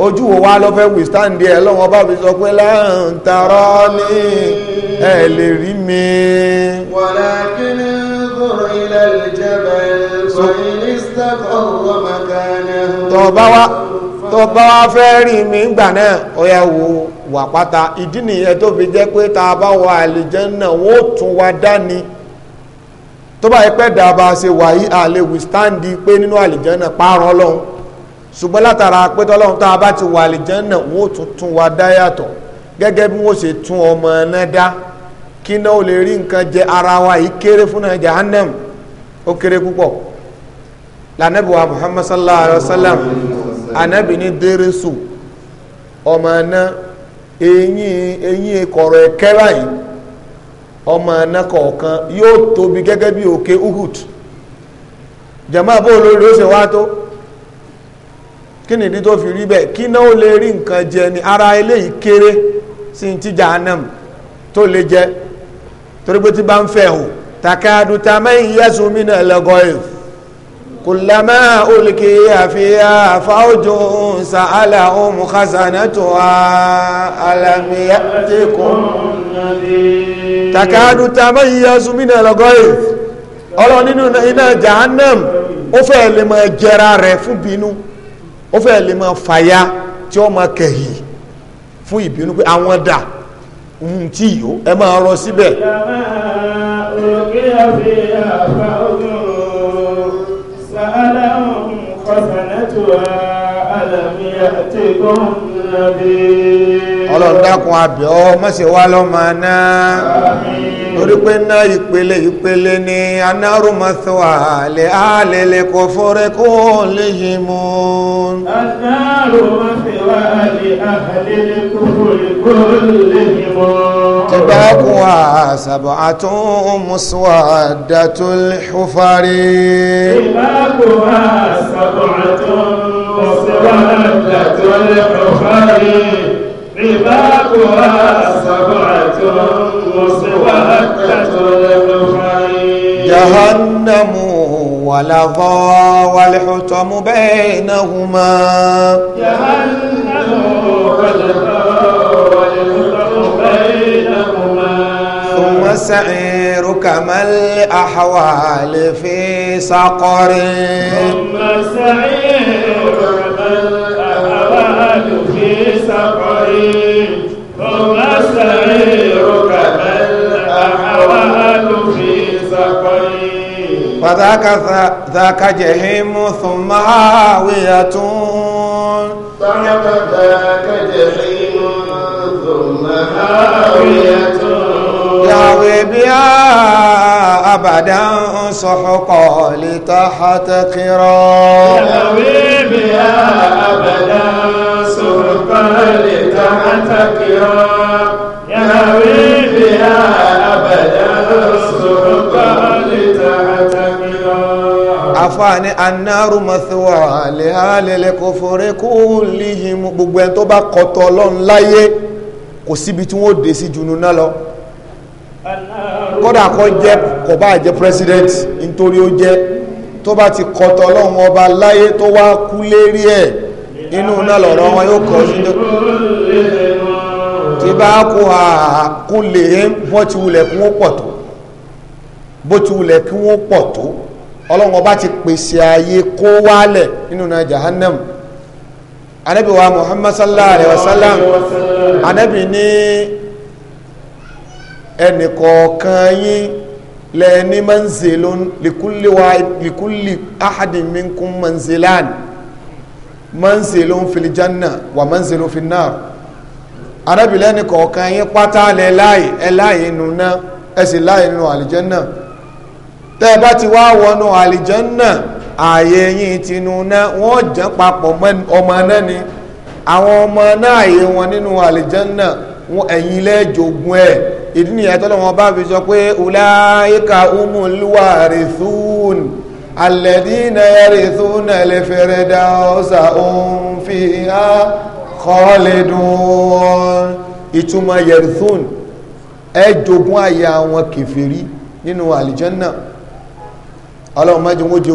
ojú wo wá lọ fẹ́ withstand ẹ lọ́wọ́ bá fi sọ pé láàrín tààrọ́ ní ẹ lè rí mi walakin zur ila al-jabal fa in istaqarra wá fẹ́ rí mi gbà náà ó wà pátá ìdí nìyẹn tó fi jẹ́ pé tá bá wà àlìjánnà wọ́n tún wa dání tó bá yẹ pẹ́ dàbà ṣe wà yí àlè withstand pé nínú àlìjánnà pààrọ̀ ọlọ́run ṣùgbọ́n látara pé tọ́lọ́run tá a bá ti wà àlìjánà tún wa dá yàtọ̀ gẹ́gẹ́ bí wọ́n ṣe tún ọmọ náà dá kí náà ó lè rí nǹkan jẹ ara wa yìí kéré fún jahannam ó kéré púpọ̀ wa muhammad sallallahu alayhi wa sallam ní dérésù ọmọ náà eyín eyín kọ̀rọ̀ ẹ̀kẹ́ báyìí ọmọ náà kọ̀ọ̀kan yóò tóbi gẹ́gẹ́ bí òkè uhud jama bó olórí ó ṣe wá kí ni ìdí tó fi rí bẹ́ẹ̀ kí náà ó lè rí nǹkan jẹ ni ara eléyìí kéré sí ti jahannam tó lè jẹ torí pé tí bá ń fẹ́ o takadu taman yasu min al-ghayf kullama ulqiya fiha fawjun sa'alahum khazanatuha alam ya'tikum takadu taman yasu min al-ghayf ọlọ́ nínú iná jahannam ó fẹ́ lè mọ jẹra rẹ̀ fún bínú ó fẹ́ lè máa fàya tí ó máa kẹ̀yì fún ìbínú pé àwọn dà ń tí yìí ẹ máa rọ síbẹ̀ sa'alahum khasanatuha ọlọ́run dákun àbẹ̀ ọ́ mọ́sẹ̀ wá lọ́mọ náà torí pé náà ìpele ìpele ni anárùmọ́sọ àlẹ́ àlẹ́lẹ́ kò fọ́rẹ́ kó lè yí mú. anárùmọ́sọ àlẹ́ àlẹ́lẹ́ kò fọ́rẹ́ kó lè yí مسودة الحفر تباكوا سبعة مسودة الحفر رباقها سبعة مسودة الحفر جهنم ولظى والحتم بينهما جهنم ولظى والحتم بينهما ثم سعيد كمل أحوال في سقر ثم سعير كمل في سقر ثم سعير كمل في سقر فذاك ذاك جهيم ثم هاوية ذاك ذاك جهيم ثم هاوية yàwébíà abadan sọ̀kọ̀ lítà hàtàkìrọ̀. yàwébíà abadan sọ̀kọ̀ lítà hàtàkìrọ̀. yàwébíà abadan sọ̀kọ̀ lítà hàtàkìrọ̀. àfààní anáru mọ̀síwá àlehálẹ̀lẹ̀ kò fòrè kó lè yí gbogbo ẹni tó bá kọ́tọ̀ ọlọ́run láyé kò síbi tí wọ́n dé sí junu náà lọ. kódà kó jẹ kó bá jẹ́ president nítorí ó jẹ́ tó bá ti kọtọ ọlọ́run ọba láyé tó wá kú lérí ẹ̀ inú náà lọ̀rọ̀ wọn yóò sí tó tí bá ti wulẹ̀ kí wọ́n pọ̀ tó bó ti wulẹ̀ kí wọ́n pọ̀ tó ọlọ́run ọba ti pèsè kó wálẹ̀ nínú náà jahannam wa muhammad sallallahu alaihi ẹnìkọ̀ọ̀kan yín lẹ́ni manzilun likulli ahadin minkum manzilan manzilun fil janna wa manzilun fil nar arábìnrin ẹnìkọ̀ọ̀kan yín pátá lẹ́ láì ẹ láì nùnà ẹ sì láì nínú àlìjẹ́nà tẹ́ ẹ bá ti wá wọnú àlìjẹ́nà ààyè yín tinú náà wọ́n jẹ́ papọ̀ ọmọ náà ni àwọn ọmọ náà ààyè wọn nínú àlìjẹ́nà ẹ̀yin lẹ́ẹ̀jogún ẹ̀ ìdí nìyẹn tọ́lọ́wọ́n bá fi sọ pé ulaika umul warithun alladhina yarithuna al-firdawsa hum fiha khalidun ìtumọ̀ yarithun ẹ jogún àyè àwọn kèfèrí nínú àlìjánná ọlọ́run mẹ́jọ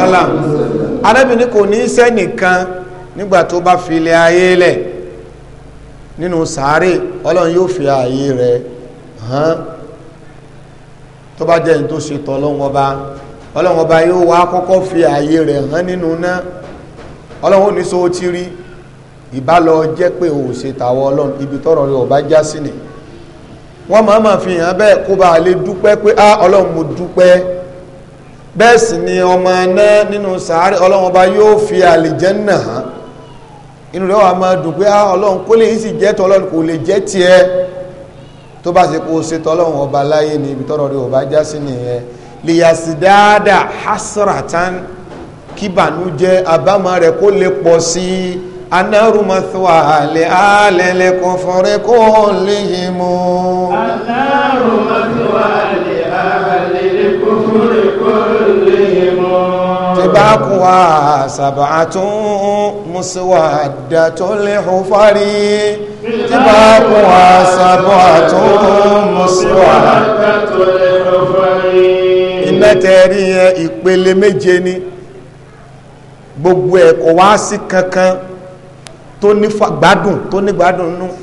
wọ́n kò ní sẹ́nìkan nígbà tó bá fi ilé ayé lẹ̀ nínú sàárè ọlọ́run yóò fi ààyè rẹ̀ hàn tó bá jẹ́ ní tó ṣe tọ́ ọlọ́run ọba ọlọ́run ọba yóò wá kọ́kọ́ fi ààyè rẹ̀ hàn nínú náà ọlọ́run ò ní so ti rí ìbálọ jẹ́ pé ò ṣe tàwọn ọlọ́run ibi tọ́rọ̀ rẹ̀ ọba já sí ni wọ́n máa ma fi hàn bẹ́ẹ̀ kó bá lè dúpẹ́ pé á ọlọ́run mo dúpẹ́ bẹ́ẹ̀ sì ni ọmọ náà nínú sàárè ọlọ́run ọba yóò fi àlìjẹ́nnà hàn inú rẹ̀ wà máa dùn pé ah, ọlọ́run kó lè sì jẹ́ tọ́lọ́run kò lè jẹ́ tiẹ̀ tó bá ṣe kó o ṣe tọ́lọ́run ọba láyé ni ibi tọ́rọ̀ rẹ̀ ò bá já sí nìyẹn lìyàsí dáadáa hasratan kíbànújẹ́ àbámọ̀ rẹ̀ kó lè pọ̀ sí i anárùmọ̀tòwà lè alẹ́lẹ́kọ̀ọ́fọ́rẹ́kọ̀ọ́ lè yìí mú. anárùmọ̀tòwà فوقها سبعة مسودة لحفر طباقها سبعة مسودة لحفر iná tẹ̀rí ìpele méje gbogbo ẹ̀ wá sí kankan tó ní gbádùn tó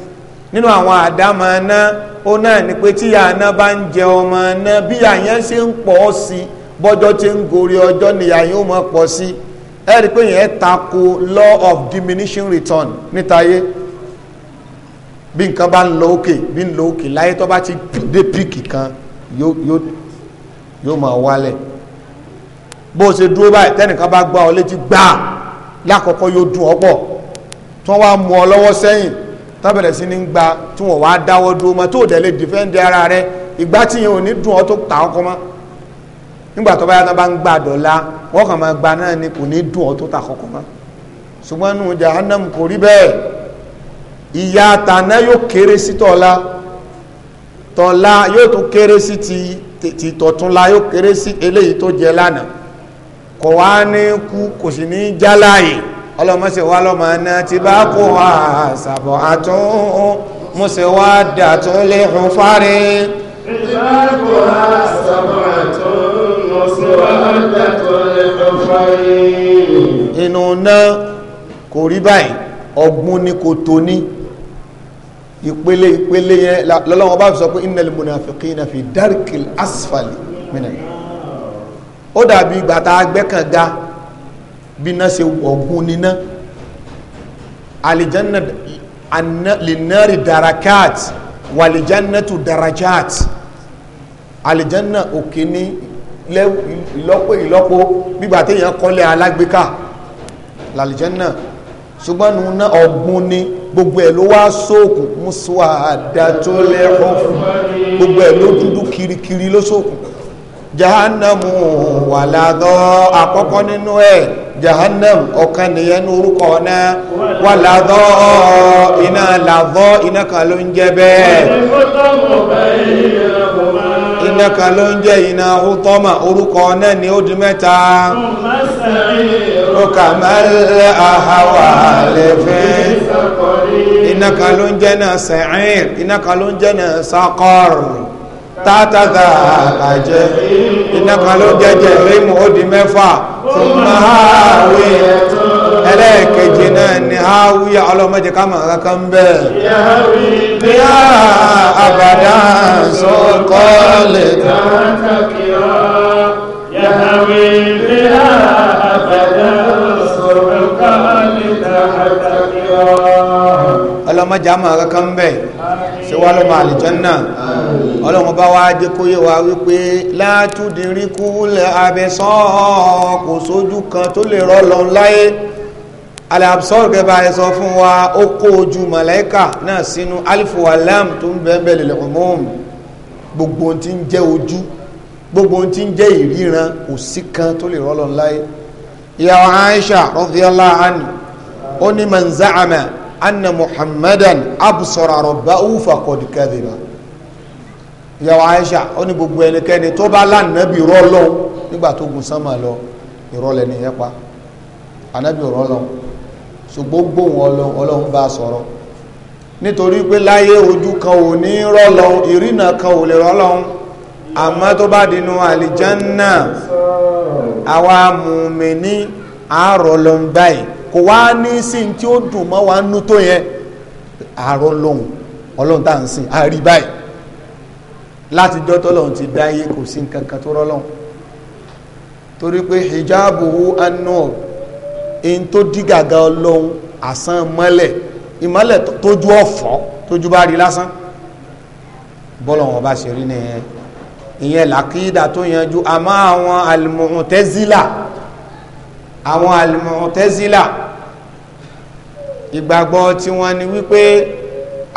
nínú àwọn àdámọ̀ náà ó náà ni pé tíyà náà bá ń jẹ ọmọ náà bí ń pọ̀ sí bọ́jọ́ tí ń gorí ọjọ́ nìyà yóò mọ̀ pọ̀ sí ẹ rí pé yẹn tako law of diminishing return nítayé bí nǹkan bá ń lọ òkè bí ń lọ òkè láyé tó bá ti dé píìkì kan yóò yóò yóò máa wálẹ̀ bó o ṣe dúró báyìí tẹ́nìkan bá gbá ọ létí gbà lákọ̀ọ́kọ́ yóò dùn ọ́ pọ̀ tí wọ́n wá mú ọ lọ́wọ́ sẹ́yìn tán bẹ̀rẹ̀ sí ní gba tí wọ́n wá dáwọ́ dúró mọ́ tó dẹ̀ lè dìfẹ́ǹdì ara rẹ ìgbà tí yẹn ò ní dùn ọ́ tó ta ọkọ mọ́ nígbà tó bá yàtọ̀ bá ń gbà dọ̀la wọ́n kàn máa gba náà ni kò ní dùn ọ́ tó ta kọ̀kọ́ mọ́ ṣùgbọ́n nù jahannam kò rí bẹ́ẹ̀ ìyà tàná yóò kéré sí tọ̀la tọ̀la yóò tún kéré sí ti tọ̀túnla yóò kéré sí eléyìí tó jẹ lánàá kò wá ní kú kò sì ní jáláyè ọlọ́mọṣẹ́ wa lọ́mọ náà ti bá kó wa ṣàbọ̀ àtún mọ̀ṣẹ́ wa dàtún lè hùn fáre. ìbá kó wa ṣàbọ̀ àtún inú náà kò rí báyìí ọgbún ní kò tó ní ìpele ìpele yẹn lọ́lọ́wọ́ bá fi sọ pé innal munafiqina fi darkil asfali mìíràn ó dàbí ìgbà tá bí náà ṣe ọ̀gbun níná alìjánà lìnàrí darakat wàlìjánà tó darajat alìjánà òkè ní ìlọ́pọ̀ ìlọ́pọ̀ gbígbà téèyàn kọ́lé alágbèéká làlìjẹ́nà ṣùgbọ́n nu ná ọ̀gbun ni gbogbo ẹ̀ ló wá sóòkùn mùsùlùmí àdàtúlẹ̀ ọ̀fun gbogbo ẹ̀ ló dúdú kirikiri ló sóòkùn jahannamu wàlàdọ́ àkọ́kọ́ nínú ẹ̀ jahannam ọ̀kan nìyẹn ní orúkọ náà wàlàdọ́ iná làdọ́ iná kan ló ń jẹ́ bẹ́ẹ̀ nẹ́ka ló ń jẹ́ iná ọtọ́mà orúkọ náà ni ó di mẹ́ta ọkà mẹ́rẹ̀ àhàwà lè fẹ́ iná ka ló ń jẹ́ náà sẹ̀ẹ́r iná ka ló ń jẹ́ náà sakọ́r tátàtà àjẹ́ iná ka ló ń jẹ́ jẹ́ rímù ó di mẹ́fà fún máa wí ẹlẹ́ẹ̀kejì náà ni hawiya ọlọ́mọdé kámọ̀ kankan bẹ́ẹ̀ ní àbàdà sọ́kọ́ lè dákàkìá yàwé ní àbàdà sọ́kọ́ lè dákàkìá ọlọ́mọdé kámọ̀ kankan bẹ́ẹ̀ ṣe wá lọ́mọ àlìjọ́nà ọlọ́run bá wá jẹ́ kó yé wa wípé látúndínrín kú lẹ́ abẹ́sán kò sójú kan tó lè rọ́ lọ láyé alabsor gẹ́gẹ́ ẹ sọ fún wa ó kó ojú màláíkà náà sínú alifu alam tó ń bẹ́ẹ̀ lè lọ́mọ́ọ̀mù gbogbo ohun tí ń jẹ́ ojú gbogbo ohun tí ń jẹ́ ìríran kò sí kan tó lè rọ́lọ́ láyé ìyàwó Aisha radiyallahu anha ó ní man anna Muhammadan absara rabbahu faqad kadhiba ìyàwó Aisha ó ní gbogbo ẹnikẹ́ni tó bá lánàbì rọ́lọ́ nígbà tó gùn sánmà lọ ìrọ́lẹ̀ nìyẹn pa ànábì rọ́lọ́ ṣùgbọ́n gbóhùn ọlọ́run ọlọ́run bá sọ̀rọ̀ nítorí pé láyé ojú kan ò ní rọ́lọ́run ìrìnà kan ò lè rọ́lọ́run àmọ́ tó bá dínú àlìjánná àwa mùmíní àárọ̀lọ́run báyìí kò wá ní sí tí ó dùn mọ́ wa nú tó yẹn àárọ̀lọ́run ọlọ́run tá à ń sìn àárí báyìí láti jọ́ ti dáyé kò sí nǹkan kan tó rọ́lọ́run torí pé hijabu hu an-nur in tó dí gàgà ọlọ́run àsán mọ́lẹ̀ ìmọ́lẹ̀ tójú ọ̀fọ́ tójú bá rí lásán bọ́lọ̀ wọn bá ṣe rí nìyẹn ìyẹn làkídà tó yanjú àmọ́ àwọn al-Mu'tazila àwọn al-Mu'tazila ìgbàgbọ́ tí wọ́n ní wípé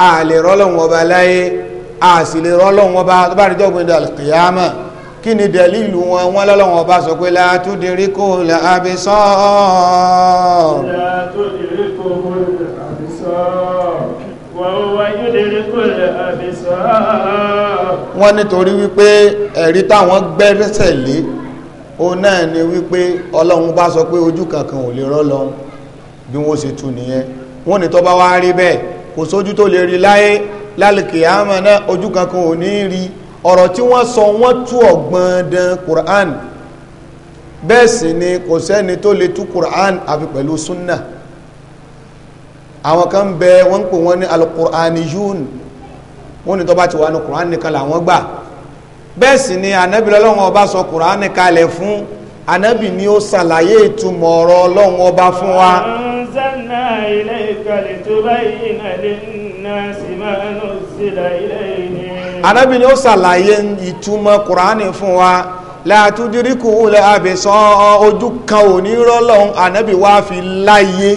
a lè rọ́lọ́wọ́n ọba láyé a sì lè rọ́lọ́wọ́n ọba tó bá rí jọ́gbìn dàlùkìyàmọ́ kí ni dẹ̀lílù wọn wọ́n lọ́lọ́wọ́n bá sọ pé látúdírí kò láàbí sọ́ọ̀ látúdírí kò láàbí sọ́ọ̀ wọ́n nítorí wípé ẹ̀rí táwọn gbẹ́rẹ́sẹ̀ lé o náà ni wípé ọlọ́run bá sọ pé ojú kankan ò lè rọ́lọ́run bí wọ́n ṣe tú nìyẹn wọ́n ní tó bá wá rí bẹ́ẹ̀ kò sójú tó lè rí láyé lálùkìyàmọ̀ náà ojú kankan ò ní rí ọ̀rọ̀ tí wọ́n sọ wọ́n tú ọ̀gbọ́n dán Qur'an bẹ́ẹ̀ sì ni kò sẹ́ni tó lè tú Qur'an àfi pẹ̀lú súnnà àwọn kan bẹ wọ́n pè wọ́n ní al-Qur'aniyun wọ́n ní tó bá ti wà ní Qur'an nìkan làwọn gbà bẹ́ẹ̀ sì ni ànábì lọ́wọ́n ọba sọ Qur'an kalẹ̀ fún ànábì ni ó ṣàlàyé ìtumọ̀ ọ̀rọ̀ ọlọ́run ọba fún wa. anzalna ilayka litubayyina lin-nasi anábì ni ó ṣàlàyé ìtumọ̀ kùránì fún wa látúndíríkù ulẹ̀ àbẹ̀sán ojú kan ò ní rọ́lọ́hún anábì wá fi láyé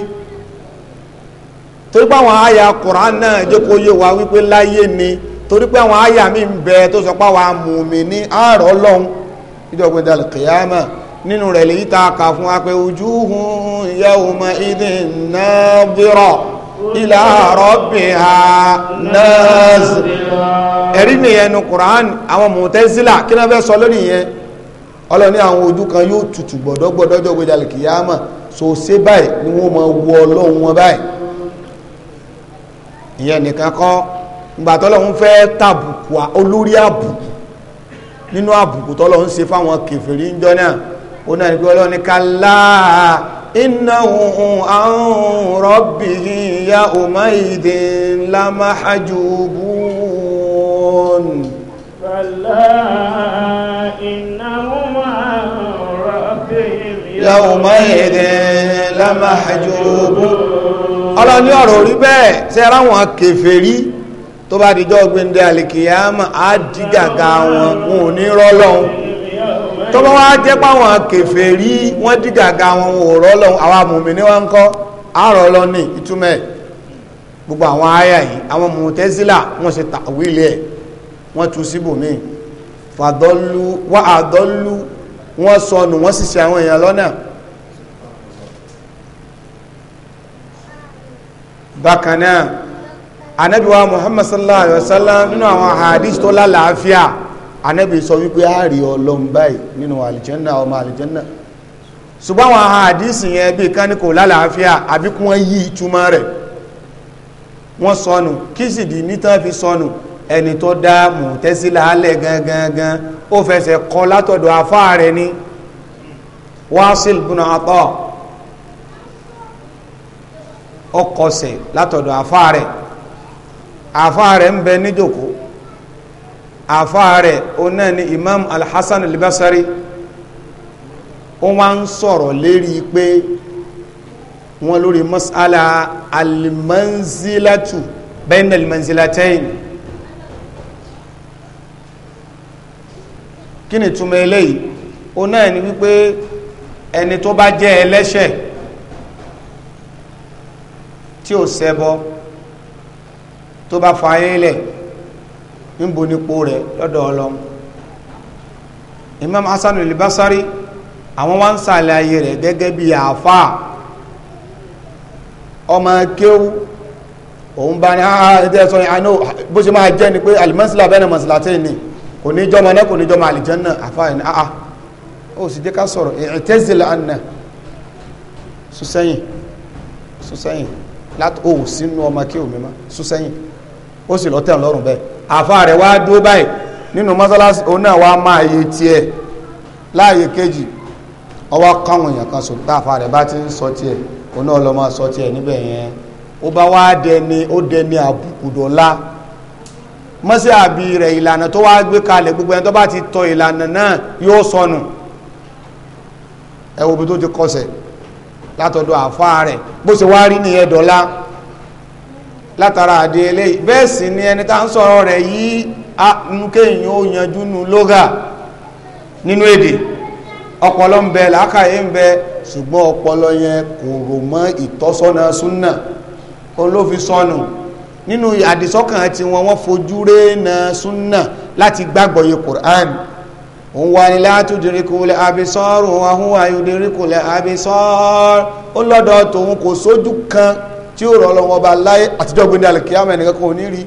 torí pé àwọn àyà kùránì náà jẹ́ kó yé wa wípé láyé ni torí pé àwọn àyà mi ń bẹ tó sọ pé àwọn amòmí ní àárọ̀ ìjọba ìdàlù kìyàmà nínú rẹ̀ lè yíta kà fún wa pé wujuhun yawma idhin nadira ilà rọ́bìhà nọ́ọ̀sì ẹ̀rí nìyẹn ẹnu kùránì àwọn mùtẹ́sílà kí náà fẹ́ sọ lórí yẹn ọlọ́ni àwọn ojú kan yóò tutù gbọ̀dọ́gbọ̀dọ́jọ́ gbẹjà kìyàmà so ṣe báyìí ni wọ́n mọ wọ ọlọ́run wọn báyìí ìyẹn nìkan kọ́ ìgbà fẹ́ tàbùkù olórí àbùkù nínú àbùkù tọ́lọ́run ṣe fáwọn ń jọ náà ó náà ní إنه عن ربه يومئذ لمحجوبون كلا إنهم عن ربهم يومئذ لمحجوبون ọlọ́run ní ọ̀rọ̀ orí bẹ́ẹ̀ wọn ráwọn kèfèrí tó bá dijọ́ gbẹ̀ndẹ̀ àlìkìyàmọ̀ á dìgàgà wọn wọn ò ní rọ́lọ́hún tó bá wá jẹ́ páwọn kèfèrí wọ́n wọn òòrọ̀ lọ́hùn àwọn amòmí ni wọ́n ń kọ́ àárọ̀ lọ ìtumẹ̀ gbogbo àwọn àyà yìí àwọn mùtẹ́sílà wọ́n ṣe tàwílẹ̀ ẹ̀ wọ́n tú síbòmí fàdọ́lú wà àdọ́lú wọ́n sọnù wọ́n sì ṣe àwọn èèyàn lọ́nà bákanáà anábíwá muhammad sallallahu alaihi wasallam nínú àwọn hadith tó lálàáfíà anẹ́bí sọ wípé a rí ọlọ́run báyìí nínú àlìjẹ́nà ọmọ àlìjẹ́nà ṣùgbọ́n àwọn àdísì yẹn bí kan ní kò lálàáfíà àbí kí wọ́n yí ìtumọ̀ rẹ̀ wọ́n sọnù kí sì di nítàn fi sọnù ẹni tó dá mùtẹ́sílà alẹ́ gangan ó fẹsẹ̀ kọ látọ̀dọ̀ afá rẹ̀ ni wáṣíl bùnà àtọ̀ ọkọ̀ọ̀sẹ̀ látọ̀dọ̀ afá rẹ̀ afá rẹ̀ ń bẹ níjòkó àfáà rẹ̀ òun náà ni imam alhassan albasari ó wá ń sọ̀rọ̀ lérí pé wọ́n lórí masala almanzilatu bayna almanzilatayn kí ni túmọ̀ eléyìí ni wípé ẹni tó bá jẹ́ ẹlẹ́ṣẹ̀ tí ò ṣẹbọ tó bá fa ayé níbo nípo rẹ̀ lọ́dọ̀ ọlọ́run imam hasan al-basari àwọn wá ń sàlàyé rẹ̀ gẹ́gẹ́ bí àáfà ọmọ kéwú òun bá ní àádẹ́ ah, ah, sọ àánú bó ṣe máa jẹ́ ni pé alimọ́sílá bẹ́ẹ̀nà mọ̀sílátẹ́ ni kò ní jọmọ náà kò ní jọmọ àlìjẹ́nà àfáà ní àá ó sì jẹ́ ká sọ̀rọ̀ i'tazil anna sùsẹ́yìn sùsẹ́yìn láti ó sínú ọmọ kéwú mímọ́ sùsẹ́yìn ó sì lọ́tẹ̀ lọ́rùn bẹ́ẹ̀ àfa rẹ̀ wá dúró báyìí nínú mọ́sálásí òun náà wá máa yé tiẹ̀ láàyè kejì ọwọ́ káwọn èèyàn kan sùn táàfà rẹ̀ bá ti ń sọ tiẹ̀ òun náà lọ́ máa sọ tiẹ̀ níbẹ̀ yẹn ó bá wá dẹni ó dẹni àbùkù dọ̀la mọ́sí àbí rẹ̀ ìlànà tó wá gbé kalẹ̀ gbogbo ẹni tó bá ti tọ ìlànà náà yóò sọnù ẹ wo bí tó ti kọsẹ̀ látọ̀dọ̀ àfa rẹ̀ bó ṣe wá rí nìyẹn dọ̀la látara àdé eléyìí bẹ́ẹ̀ sì ni ẹni tá ń sọ̀rọ̀ rẹ̀ yìí anúkéyìn ó yanjú nu lóga nínú èdè ọpọlọ ń bẹ làákàyè ń bẹ ṣùgbọ́n ọpọlọ yẹn kò rò mọ́ ìtọ́sọ́nà súnà olófin sọnù nínú àdìsọ́kàn tí wọn wọ́n fojú rénà súnà láti gbàgbọ́yé Qur'an òun wà ní látúndínríkulẹ̀ abisọ́rù wọn hùwà yóò dínkùlẹ̀ abisọ́rù ó lọ́dọ̀ tòun kò sójú kan tí ó rọ lọ́wọ́ ọba láyé àtijọ́ gbé ní alìkíyàmọ̀ ẹnìkan kò ní rí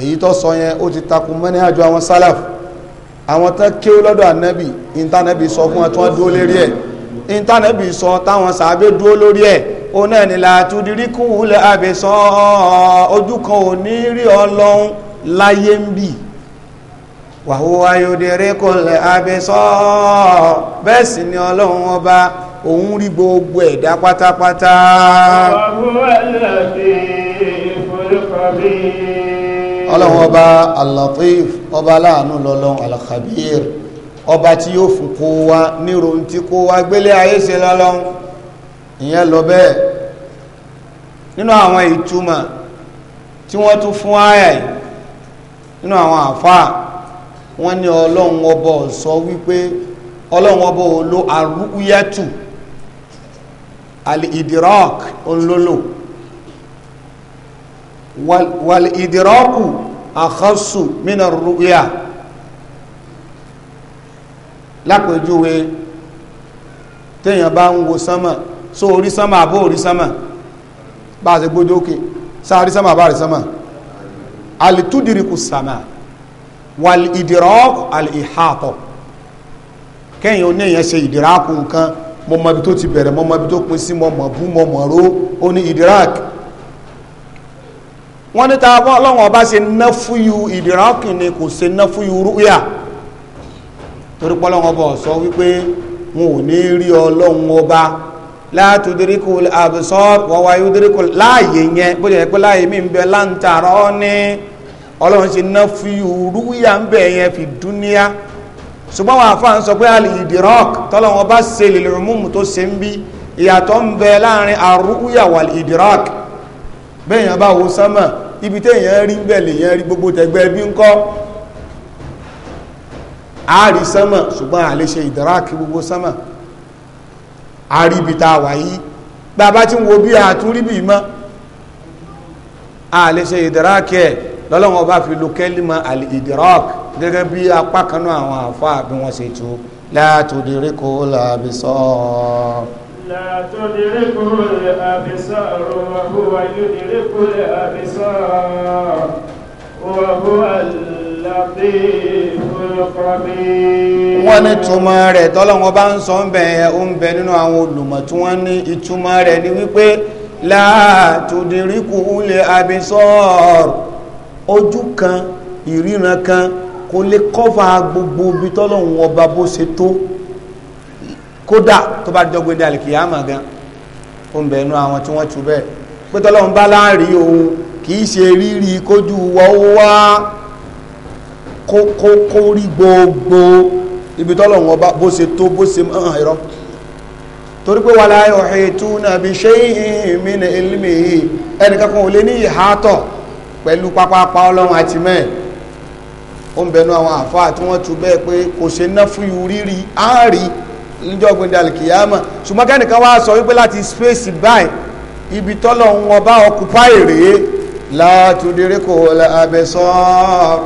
èyí tó sọ yẹn ó ti takò mẹ́ni àjọ àwọn sálàf àwọn tán ké lọ́dọ̀ ànábì ìntánẹ́bì sọ fún ẹ tí wọ́n dúró lérí ẹ̀ ìntánẹ́bì sọ táwọn sàábé dúró lórí ẹ̀ ó náà ní làtú diríkù lẹ́ àbẹ̀sán ojú kan ò ní rí ọlọ́run láyé ń bì wàhùwà yòdèrè kò lẹ́ àbẹ̀sán bẹ́ẹ̀ sì ni ọlọ́run ọba òun rí gbogbo ẹ̀dá pátápátá ọlọ́run ọba alatif ọba aláàánú lọ́lọ́run alakabir ọba tí yóò fún kó wá nírò tí kó wá gbélé ayé ṣe lọ́lọ́run ìyẹn lọ bẹ́ẹ̀ nínú àwọn ìtumọ̀ tí wọ́n tún fún àyà yìí nínú àwọn àfáà wọ́n ní ọlọ́run ọba sọ wípé ọlọ́run ọba ò lo àrúyẹ́tù al-idrak olólò wal-idraku akhassu min ar-ru'ya lápèjúwe téèyàn bá ń wo sánmà so orí sánmà àbó orí sánmà bá a ṣe gbójú òkè sáàrí sánmà àbá rí sánmà alitudiriku sánmà wal-idrak al oníyàn ṣe ìdìrákù nǹkan mo mọ ibi tó ti bẹ̀rẹ̀ mo mọ ibi tó pin sí mo mọ̀ bú mo mọ̀ ró ó ní idirak wọ́n ní ta ọlọ́run ọba ṣe ná fúyu idirak ni kò ṣe ná fúyu rúyà torí pọ́lọ́run ọba sọ wípé wọn ò ní rí ọlọ́run ọba láti dirikù abisor wọ́wá yóò dirikù láàyè yẹn bó jẹ́ pé láàyè mi ń bẹ láǹtàrọ́ ní ọlọ́run ṣe ná fúyu rúyà ń bẹ̀ yẹn fi dúníyà ṣùgbọ́n wọn àfáà ń sọ pé al-idrak tọ́lọ́wọ́n bá ṣe lè lòmùmù tó ṣe ń bí ìyàtọ̀ ń bẹ láàrin àrúyà wal-idrak bẹ́yàn bá wo sánmà ibi téèyàn rí bẹ́ẹ̀ lèyàn rí gbogbo tẹ̀gbẹ́ bí ń kọ́ àárí sánmà ṣùgbọ́n a lè ṣe ìdíráàkì gbogbo sánmà àárí ibi tá a wà yìí bàbá tí ń wo bí àtúrí bì mọ́ a ṣe ìdíráàkì ẹ̀ lọ́lọ́wọ́n bá fi lo kẹ́límà al-idrak gẹ́gẹ́ bí apá kan náà àwọn àfáà bí wọ́n ṣe tú látòdìrí kò làbí sọ látòdìrí kò làbí sọ rọ̀hùn wáyé dìrí kò làbí sọ rọ̀hùn wọ́n ní túmọ̀ rẹ̀ tọ́lọ́wọ́ bá ń sọ ń bẹ̀ ó ń bẹ nínú àwọn olùmọ̀ tí wọ́n ní ìtumọ̀ rẹ̀ ni wípé látòdìrí kò lè àbísọ́ọ̀rọ̀ ojú kan ìríran kan kò lè kọ́fà gbogbo ibi tọ́lọ́hún ọba bó ṣe tó kódà tó bá dọ́gbé dàlì kìí àmà gan ó ń bẹ̀ẹ́nu àwọn tí wọ́n tu bẹ́ẹ̀ pé tọ́lọ́hún bá láàrin òun kìí ṣe rírí kójú wọ́ wá kó rí gbogbo ibi tọ́lọ́hún ọba bó ṣe tó bó ṣe hàn ẹ̀rọ torí pé wàlá yuhituna bi shay'in min ilmihi ẹnìkan kan ò lè ní ìhátọ̀ pẹ̀lú pápápá ọlọ́run àti mẹ́ẹ̀ ó ń bẹnu àwọn àfáà tí wọ́n tu bẹ́ẹ̀ pé kò ṣe ná fún yù rírì áàrí níjọ́ gbẹ̀dàlì kìyàmà ṣùgbọ́n kẹ́nìkan wá sọ wípé láti space báyìí ibi tọ́lọ̀ ń wọ́n bá ọkùpá èrè látòdèrè kò lọ abẹ́sọ́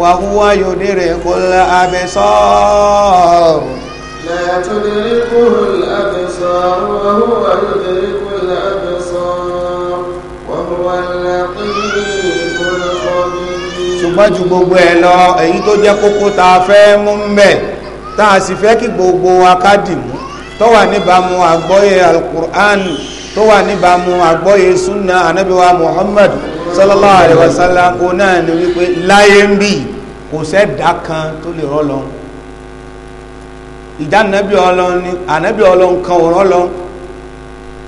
wàhúwá yòdèrè kò lọ abẹ́sọ́. látòdèrè kò lọ abẹ́sọ́ wàhúwá yòdèrè kò lọ abẹ́sọ́. ṣùgbọ́n ju gbogbo ẹ̀ lọ èyí tó jẹ́ kókó tá a fẹ́ mú mbẹ̀ tá a sì fẹ́ kí gbogbo wa ká dìmú tó wà níbàámu àgbọ́yé alukur'an tó wà níbàámu àgbọ́yé sunna anabiwa muhammad sallallahu alayhi wa sallam òun náà ni wípé láyé ń bì kò sẹ́dá kan tó lè rọ́ lọ́n ìjà ànábì ọlọ́run ni ànábì ọlọ́run kan ò rọ́ lọ́n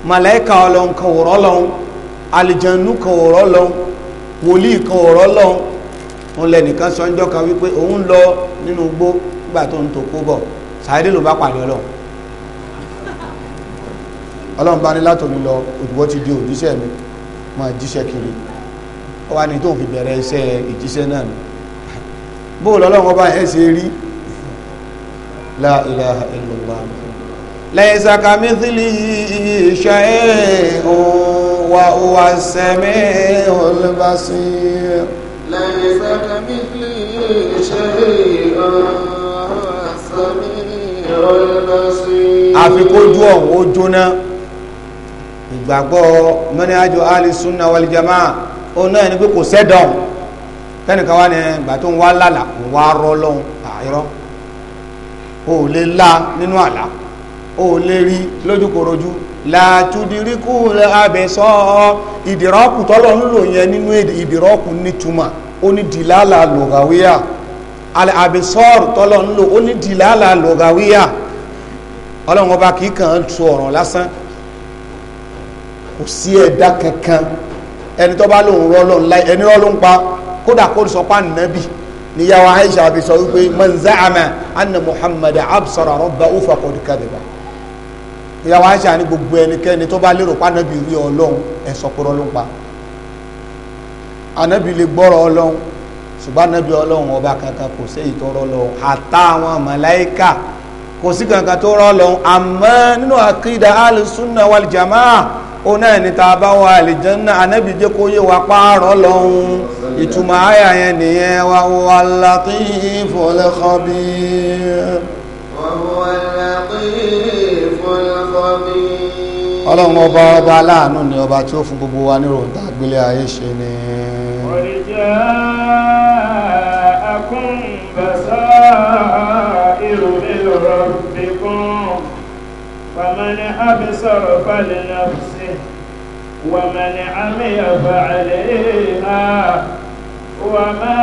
màláíkà ọlọ́run kan ò rọ́ lọ́n àlìjànnú wòlíì kan ò rọ́ òun lẹ́nìkan sọ ńjọ́ kan wípé òun lọ nínú igbó nígbà tó ń tòkó bọ̀ sàádé ló bá pàdé ọlọ́run ọlọ́run bá ní látòmí lọ òdìwọ́ ti di òjíṣẹ́ mi máa jíṣẹ́ kiri ó wá ní tó fi bẹ̀rẹ̀ iṣẹ́ ìjíṣẹ́ náà ni bóòlù ọlọ́run ọba ẹ̀ ṣe rí la ilaha illallah ليس كمثله شيء وهو السميع البصير ليس àfikójú ọ̀hún ó jóná ìgbàgbọ́ mẹ́nìájò alìsúnà wal jamaa òun náà ni pé kò sẹ́dọ̀n tẹ́nìkan wá ní ìgbà tó ń wá lálà ń wá rọ́ àìrọ́ o lè la nínú àlá o lè rí lójúkorojú làtúndìríkù abẹ́sọ́ ìdìrọ́kù tọ́lọ́ ń lò yẹn nínú ìdìrọ́kù nítumọ̀ ó ní dìlálà lògàwíyà al-absar tọ́lọ̀ ń lò ó ní dìláàlà lọ́gàwíyà ọlọ́run ọba kì í kàn án tu ọ̀ràn lásán kò sí ẹ̀dá kankan ẹni tó bá lòun rọ́lọ́ ńlá ẹni rọ́lọ́ ń pa kódà kó sọ pa nàbì níyàwó Aisha àbí wípé man za'ama anna Muhammad absara rabbahu faqad kadhaba ìyàwó Aisha ní gbogbo ẹnikẹ́ni tó bá lérò pa nàbì rí ọlọ́run ẹ̀ sọ pé rọ́lọ́ ń pa ànàbì lè gbọ́rọ̀ ọlọ́run ṣùgbọ́n anábì ọlọ́run ọba kankan kò sí èyí tó rọ́ lọ́hùn àtàwọn màláíkà kò sí kankan tó rọ́ lọ́hùn àmọ́ nínú àkídà alùsùnà wàlìjàmá òun náà ní ta bá wà àlìjánná anábì jẹ́ kó yé wa pààrọ̀ lọ́hùn ìtumọ̀ àyà yẹn nìyẹn wà látìful khabir wa ọlọ́run ọba ọba aláàánú ni ọba tí ó fún gbogbo wa nírò tá gbélé ayé ṣe ni. قد جاءكم بصائر من ربكم فمن أبصر فلنفسه ومن عمي فعليها وما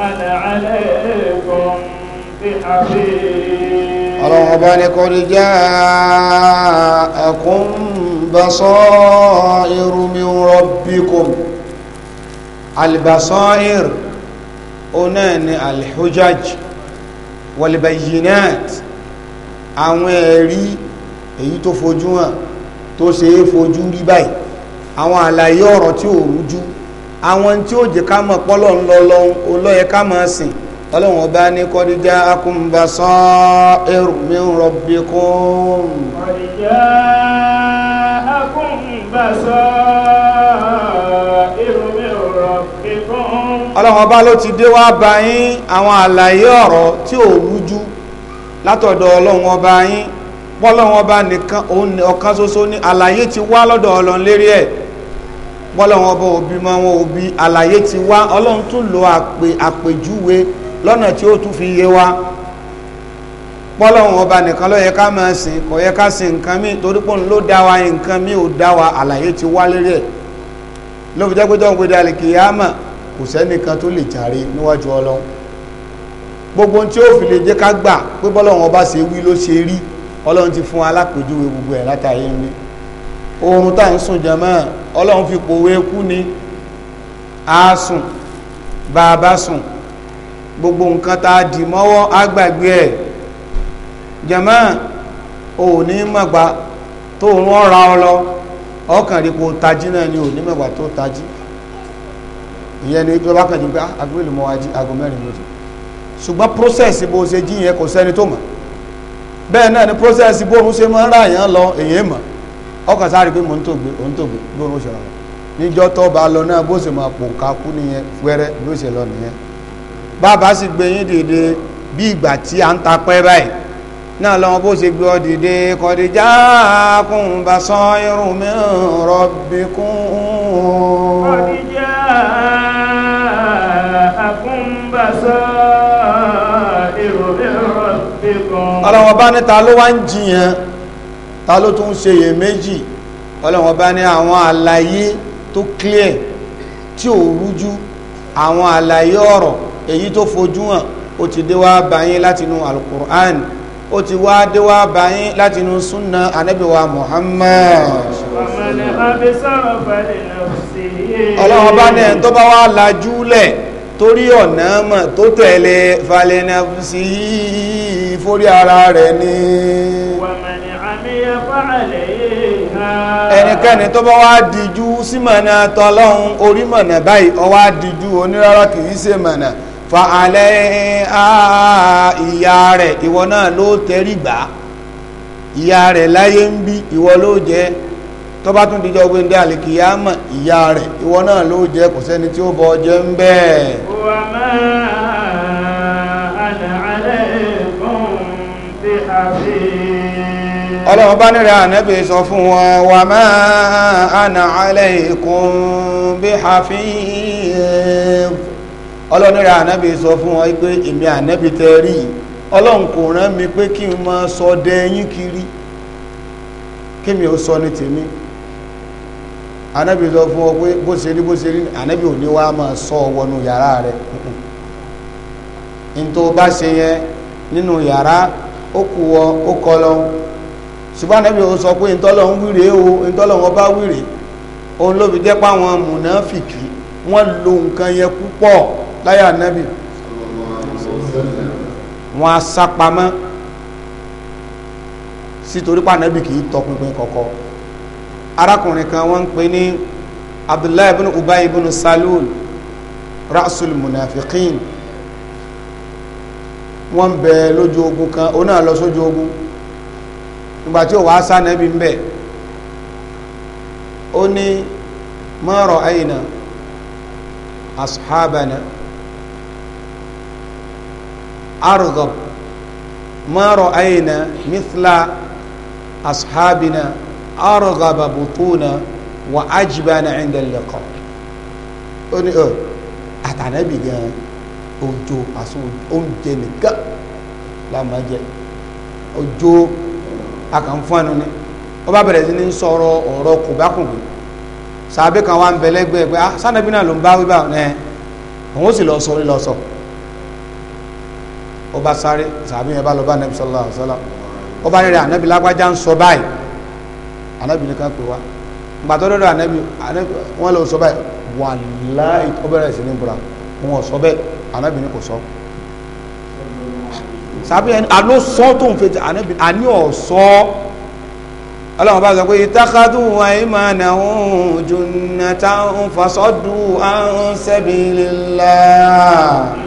أنا عليكم بحفيظ ọlọ́run ọba ní kọ́ lè jẹ́ àkóhùn البصائر من ربكم البصائر أنان alhujaj walbayinat àwọn ẹ̀rí èyí tó fojú hàn tó ṣe é fojú rí báyìí àwọn àlàyé ọ̀rọ̀ tí ò rújú àwọn tí ó jẹ́ ká mọ̀ pọ́lọ̀ ńlọlọ́hún olóyẹ ká mọ̀ sìn ọlọ́run ọba ní kọ́díjá akúmbasán ẹrù mi ń rọ̀bì kún. kọ́díjá ọlọ́run ọba ló ti dé wá bá yín àwọn àlàyé ọ̀rọ̀ tí ò rújú látọ̀dọ̀ ọlọ́run ọba yín pọ́lọ́run ọba nìkan ọ̀kan ṣoṣo ní àlàyé ti wá lọ́dọ̀ ọlọ́run lérí ẹ̀ pọ́lọ́run ọba òbí mọ́ wọn òbí àlàyé ti wá ọlọ́run tún lo àpèjúwe lọ́nà tí ó tún fi yé wa pọ́lọ́hún ọba nìkan ló ká máa sìn kò ká sìn nǹkan mi ló dá wa mi ò dá wa àlàyé ti wá lérí ẹ̀ ló fi gbéra lè kò sẹ́nìkan tó lè jàre níwájú ọlọ́hún gbogbo tí ó fi lè jẹ́ ká gbà pé ọba ṣe wí ló ṣe rí ti fún gbogbo ẹ̀ látàrí tá à ń sùn fi ni a sùn jẹ̀mọ́ ò ní mọ̀gbà tó ń ra ọ lọ tají náà ni ò ní mọ̀gbà tó tají ìyẹn ni ìjọba kan jù pé ah, agbélé mọ́ wájí aago mẹ́rin lójú ṣùgbọ́n process bó ṣe jí yẹn kò sẹ́ni tó mọ̀ bẹ́ẹ̀ náà ni process bó ṣe máa ń ra èèyàn lọ èèyàn mọ̀ ọkàn sáré pé mò ń tògbé ò ń tògbé bó ń ṣe rà níjọ́ tó bá lọ náà bó ṣe máa pò ká kú nìyẹn wẹ́rẹ́ ló ṣe lọ nìyẹn bàbá sì gbé dèdè bí ìgbà tí à ń ta pẹ́ báyìí náà lọ́wọ́ bó ṣe gbé ọ dìde kọ̀díjà kún kún. bá sán irun mi rọ̀bì kún. ọlọ́wọ́ bá ní ta ló wá ń jiyàn ta ló tún ṣe iyèméjì ọlọ́wọ́ bá ní àwọn àlàyé tó clear tí ò rújú àwọn àlàyé ọ̀rọ̀ èyí tó fojú hàn ó ti dé wá látinú alukur'an ó ti wá dé wá báyín láti inú súnà anábìwá Muhammad ọlọ́wọ́ bá ní tó bá wá lajúlẹ̀ torí ọ̀nà mọ̀ tó tẹ̀lé falẹ̀nà sí fórí ara rẹ̀ ní ẹnikẹ́ni tó bá wá díjú sí mọ̀nà tọ́lọ́hun orí mọ̀nà báyìí ọwá díjú onírọ́rọ́ kìí ṣe mọ̀nà fàálẹ́ ìyá rẹ̀ ìwọ náà ló tẹrí gbà ìyá rẹ̀ láyé ń bí ìwọ ló jẹ́ tó bá tún dijọ́ gbé ndé àlèkìyàmọ̀ ìyá rẹ̀ ìwọ náà ló jẹ́ kò sẹ́ni tí ó bọ́ jẹ ń bẹ́ẹ̀. wà á máa àná alẹ́ fún bí àbí. ọlọ́run bá nírẹ̀ ànábì sọ fún wọn wà á máa àná alẹ́ kún bí àfihàn. ọlọ́nira ànábì sọ fún wọn pé èmi ànábì tẹ rí ọlọ́run kò rán mi pé kí n máa sọ kiri kí mi ò sọ ní tèmi ànábì sọ fún wọn pé bó ṣe rí bó ṣe rí ànábì ò ní wá yàrá rẹ n bá ṣe yẹn nínú yàrá ó kù ṣùgbọ́n ànábì sọ pé wíre o ntọ́lọ́ wọn bá wíre òun láyé ànábì wọn a sápamọ́ sí torí pa ànábì kì í tọpinpin kọ̀kọ́ arákùnrin kan wọ́n ń pè ní abdullahi ibn ubay ibn salul rasul munafiqin wọ́n ń bẹ lójú ogun kan ó náà lọ sójú ogun nígbàtí ó wàá sá nẹ́bí ń bẹ̀ ó ní mọ́rọ̀ àyìnà ashabana أرغب ما رأينا مثل أصحابنا أرغب بطونا وأجبن عند اللقاء àtànẹ́bì gan ojo àti oúnjẹ nìkan láàmà jẹ ojo akànfún ẹnu ni wọ́n bá bẹ̀rẹ̀ sí ní sọ̀rọ̀ ọ̀rọ̀ kòbákùnkùn sàbẹ̀ kan wà ń bẹ lẹ́gbẹ̀ẹ́ pé sànẹ́bì náà ló ń bá wíwá ọ̀nà ẹ̀ òun ó sì lọ sọ orí lọ sọ̀rọ̀ ó bá sáré sàbí yẹn bá lọ bá anabi sallallahu alaihi wasallam ó bá rẹ̀ anabi lágbájá ń sọ báyìí anabi nìkan pè wá ìgbà tó dọ́dọ̀ anabi wọn lọ sọ báyìí wàláì ó bẹ̀rẹ̀ sí ní bùrà wọn sọ bẹ́ẹ̀ anabi ni kò sọ sàbí yẹn àló sọ tó ń fetí anabi àní ọ̀ sọ ọlọ́run sọ pé ìtàkàtù aymanahum junnatan fasọ́dù an sabilillah.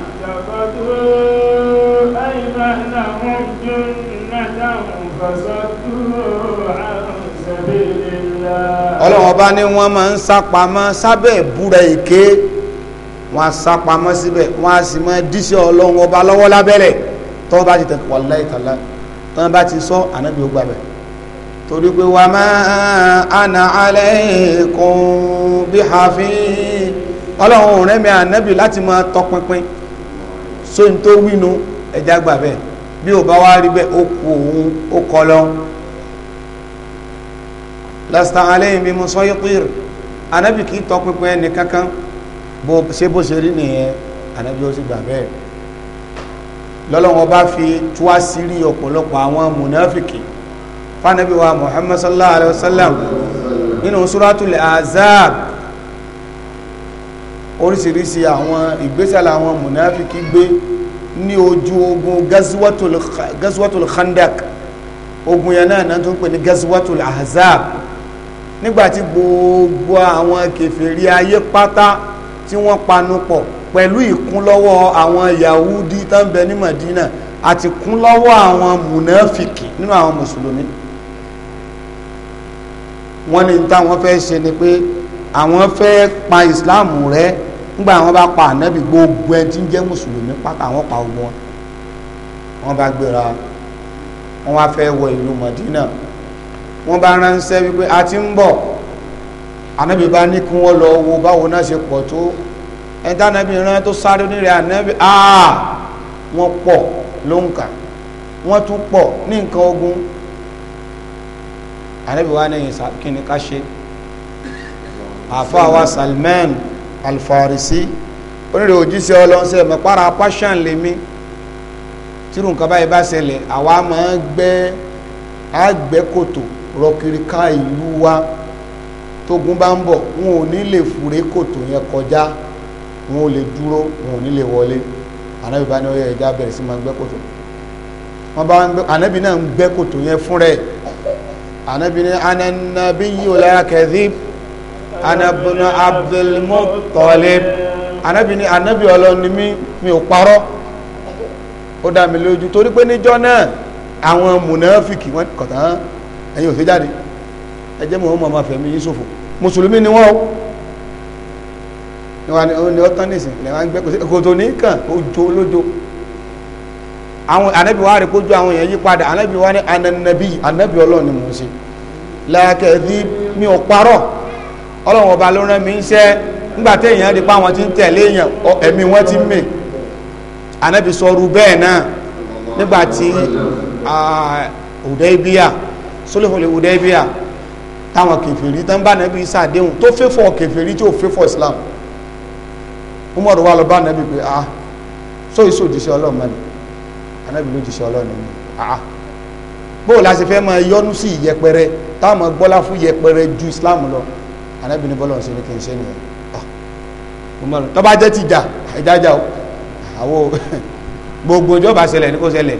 ọlọ́run ọba ní wọ́n máa ń sápamọ́ sábẹ́ ìbúra èké wọ́n á sápamọ́ síbẹ̀ wọ́n á sì máa díṣẹ́ ọlọ́run ọba lọ́wọ́ lábẹ́rẹ̀ tọ́ bá ti tẹ̀kọ̀ wàlúwà ìtàlá tọ́ bá ti sọ ànábì ó gbàbẹ̀ torí pé wà máa àná alẹ́ kún bí hàfin ọlọ́run ò rẹ́mi ànábì láti máa tọpinpin sóyún tó wínú ẹ̀já gbàbẹ̀ bí ò bá wá rí bẹ́ẹ̀ ó kù òun ó kọ lọ́hún lásìtà aléyìn bí mo sọ yí pírì anábì kì í tọpinpin ẹni kankan bó ṣe bó ṣe rí nìyẹn anábì ó sì gbà bẹ́ẹ̀ lọ́lọ́wọ́ bá fi túwá sírí ọ̀pọ̀lọpọ̀ àwọn mùnáfìkì fanabi wa muhammad sallallahu alayhi wa sallam nínú suratul azab oríṣiríṣi àwọn ìgbésẹ̀ làwọn mùnáfìkì gbé ní ojú ogun gazwatul khandak ogun yẹn náà náà tó ń pè ní gazwatul ahzab nígbàtí gbogbo àwọn kèfèrí ayé pátá tí wọ́n panupọ̀ pẹ̀lú ìkúnlọ́wọ́ àwọn Yahudi tó ń bẹ ní Madina àti kúnlọ́wọ́ àwọn mùnáfìkì nínú àwọn mùsùlùmí wọ́n ní táwọn fẹ́ ṣe ni pé àwọn fẹ́ pa Islam rẹ́ nígbà àwọn bá pa ànábì gbogbo ẹni tí ń jẹ́ mùsùlùmí pátá àwọn pa ogun wọn wọ́n bá gbéra wọ́n wá fẹ́ wọ ìlú Madina wọ́n bá ránṣẹ́ wípé a ti ń bọ̀ anábì bá ní kí wọ́n lọ wo báwo náà ṣe pọ̀ tó ẹni tánábì rán tó sáré onírẹ̀ anábì áà wọ́n pọ̀ ló ń kà wọ́n tún pọ̀ ní nǹkan ogun anábì wa ní kí ká ṣe àfa wa Salman Al-Farisi onírẹ̀ òjíṣẹ́ ọlọ́sẹ̀ mẹ́pàrà passion lèmi tírù nǹkan báyìí bá ṣẹlẹ̀ àwa máa gbẹ́ àgbẹ́ rọkiri ká ìlú wa tógun bá ń bọ̀ wọn ò ní lè fure kòtò yẹn kọjá wọn ò lè dúró wọn ò ní lè wọlé ànábì bá ní ọyọ ẹja bẹ̀rẹ̀ sí máa gbẹ́ kòtò wọn bá ànábì náà ń gbẹ́ kòtò yẹn fún rẹ̀ ànábì ní ananabi yìí ò lára kẹ́sí anabuna abdulmutalib ànábì ní ànábì ọlọ́ni mi mi ò parọ́ ó dá mi lójú torí pé níjọ́ náà àwọn mùnàfíkì wọn kọ̀tàn ẹ̀yin òfin jáde ẹ jẹ́ mọ̀ọ́mọ́ máa fẹ̀mí mùsùlùmí ni wọ́n ni wọ́n tán nísìn lẹ́wọ́n ń gbé ní kàn ojo lójo àwọn anábì wa rí kójú àwọn èèyàn yí padà anábì ní mi ò parọ́ ọba ló rán mi nígbà tí èèyàn pa ń tẹ̀lé èèyàn ẹ̀mí wọn ti mè sọrú bẹ́ẹ̀ náà nígbà tí ah, sólèfòlè Hudaybiya táwọn kèfèrí tán bá nàbí sàdéhùn tó fẹ́fọ́ kèfèrí tí ó fẹ́fọ́ Islam Umar wà lọ bá nàbí pé ah so iṣu òjíṣẹ́ Ọlọ́run mẹ́rin anábì ló jíṣẹ́ Ọlọ́run ni ah bóò la ṣe fẹ́ máa yọnu sí ìyẹpẹrẹ táwọn gbọ́lá fún ìyẹpẹrẹ ju Islam lọ anábì ní bọ́lọ̀ ṣe ni kì í ṣe nìyẹn ah, Umar tó bá jẹ́ ti jà ìjájà o àwọn gbogbo ìjọba ṣẹlẹ̀ ní kò ṣẹlẹ̀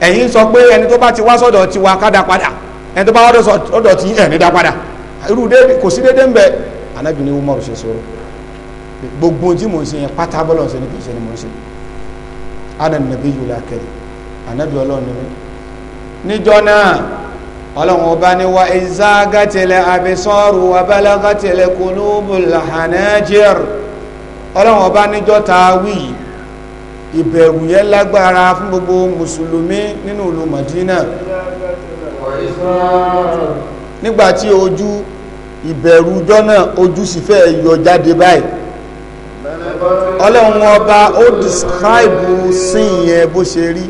ẹ̀yin sọ pé ẹni tó bá ti wá sọ́dọ̀ ti wá ká dá padà ẹni tó bá wá sọ́dọ̀ ti ẹ̀ ní dá padà irú débi kò sí déédéé ń bẹ anábì ní Umaru ṣe sọ̀rọ̀ gbogbo tí mò ń ṣe yẹn pátá bọ́lọ̀ ṣe ni kì í ṣe ni mò ń ṣe ana nàbí yìí lákẹ́rì anábì ọlọ́run ni mí níjọ́ náà ọlọ́run ọba ni wa ìzá gàtẹ̀lẹ̀ àbẹ̀sọ́rù abẹ́lẹ́ gàtẹ̀lẹ̀ kùnúbù làhànájẹ́rù ọlọ́run ọba níjọ́ ta ìbẹ̀rù yẹn lágbára fún gbogbo mùsùlùmí nínú ìlú Madina nígbàtí ojú ìbẹ̀rù jọ́nà ojú sì fẹ́ yọ jáde báyìí ọlọ́run ọba ó describe sin yẹn bó ṣe rí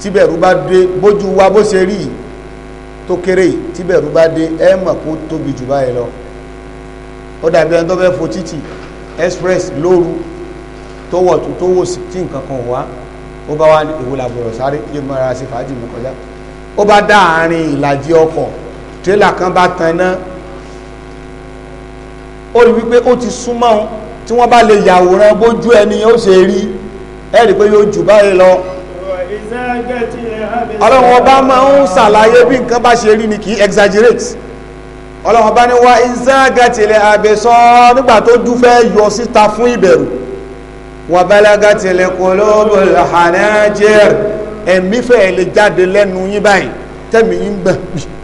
tíbẹ̀rù bá dé bójú wa bó ṣe rí tó kéré tíbẹ̀rù bá dé ẹ mọ̀ kó tóbi jù báyìí lọ ó dàbí ẹni tó fẹ́ fo títì express lóru tó wọ̀ tó tó wò sí tí nǹkan kan wá ó bá wá èwo làbọ̀rọ̀ sáré yé mara sí fàájì mú kọjá ó bá dá àárín ìlàjì ọkọ̀ tírélà kan bá tan iná ó rí wípé ó ti súnmọ́ òun tí wọ́n bá lè yàwòrán bójú ẹni ó ṣe rí ẹ rí pé yóò jù báyìí lọ ọlọ́run ọba máa ń ṣàlàyé bí nǹkan bá ṣe rí ni kì í exaggerate ọlọ́run ọba ní wá ìzágàtìlẹ̀ àbẹ̀sọ́ nígbà tó dúfẹ́ yọ síta fún ìbẹ̀rù wàbálàgà tilẹ̀ kọlọ́bù hànájẹ́r ẹ̀mí fẹ́ lè jáde lẹ́nu yín báyìí tẹ́mi yín gbà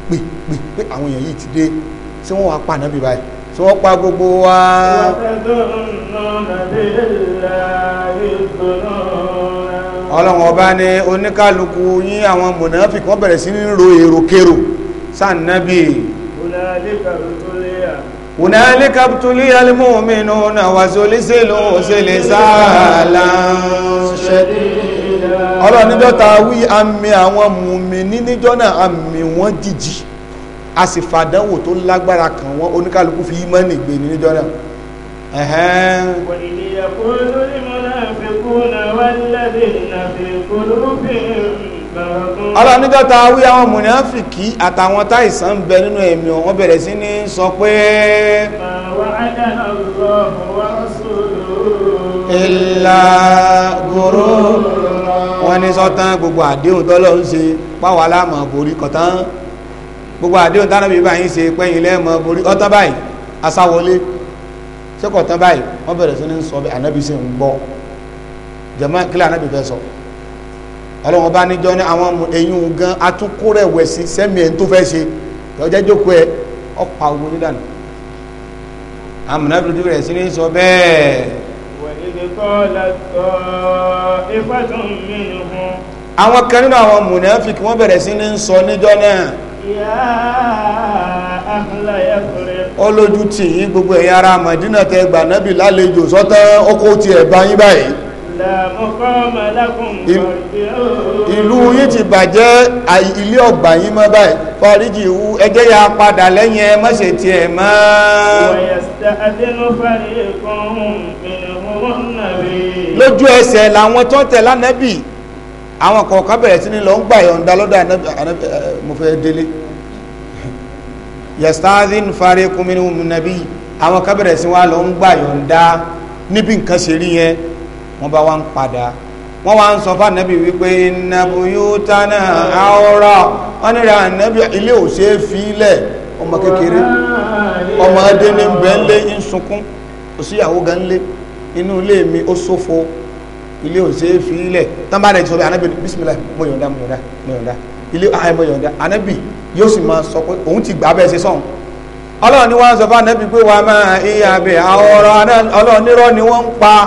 pé pé pé àwọn èèyàn yìí ti dé tí wọ́n wá pa náà bí báyìí tí wọ́n pa gbogbo wa. ọlọ́run ọba ní oníkálukú yín àwọn mọ̀nàfíkì wọ́n bẹ̀rẹ̀ sí ní ro èrò kérò sáà nábì. ọlọ́run ọba ní oníkálukú yín àwọn mọ̀nàfíkì wọ́n bẹ̀rẹ̀ sí ní ro èrò kérò sáà nábì. هنالك ابتلي المؤمنون وزلزلوا زلزالا شديدا ọlọ́run níjọ́ ta wí àmì àwọn mùmíní níjọ́ náà àmì wọn jìjì a sì fàdánwò tó lágbára kan wọn oníkálukú fi ímánì gbé níjọ́ náà ẹ̀hẹ́n. يقول المنافقون والذين في قلوبهم ọlọ́nijọ́ ta wí àwọn mùnáfìkì àtàwọn táìsàn bẹ nínú ẹ̀mí wọn bẹ̀rẹ̀ sí ní sọ pé ìlà ní sọ́tán gbogbo àdéhùn tọ́lọ́ ń ṣe páwà láàmà borí kọ̀tán gbogbo àdéhùn tánà bí báyìí ṣe pẹ́yìn lẹ́mọ̀ borí ọ̀tán báyìí asáwọlé ṣé kọ̀tán báyìí wọ́n bẹ̀rẹ̀ sí ní sọ bí ànábì ń gbọ́ jẹ́mọ́ kílẹ̀ ànábì sọ. So ọlọ́run ọba níjọ́ ní àwọn ẹ̀yìn gan atúnkó rẹ̀ wẹ̀ sí sẹ́mi ẹ̀ tó fẹ́ ṣe lọ́jọ́ jókòó ẹ̀ ọ̀pá ogun ní dànù amúnà dúdú rẹ̀ sí ní sọ bẹ́ẹ̀. àwọn kan nínú àwọn mùnàfíkì wọ́n bẹ̀rẹ̀ sí ní sọ níjọ́ náà. olójú tì yín gbogbo ẹ̀yin ará Mádínà tẹ gbà nábì lálejò sọ́tẹ́ ọkọ̀ tiẹ̀ báyìí báyìí ìlú yìí ti bàjẹ́ ilé ọgbà yìí mọ́ báyìí fọ́ríjì ìwú ẹjẹ́ ya padà lẹ́yìn ẹ mọ́ṣe ti ẹ̀ mọ́ lójú ẹsẹ̀ làwọn tó tẹ̀ lánàbì àwọn kọ̀ọ̀kan bẹ̀rẹ̀ sí ni lọ ń gbà yọ̀ǹda lọ́dọ̀ nabi àwọn kan bẹ̀rẹ̀ sí wa lọ ń gbà yọ̀ǹda níbi nǹkan ṣe rí yẹn wọ́n bá wá ń padà wọ́n wá ń sọ fún wípé inna buyutana wọ́n ní ra ilé ò ṣe é fi ilẹ̀ ọmọ ọmọ adé ní bẹ́ńlé ń sunkún kò síyàwó gan lé inú ilé mi ó ṣófo ilé ò ṣe é fi ilẹ̀ ilé yọ̀ǹda yóò sì máa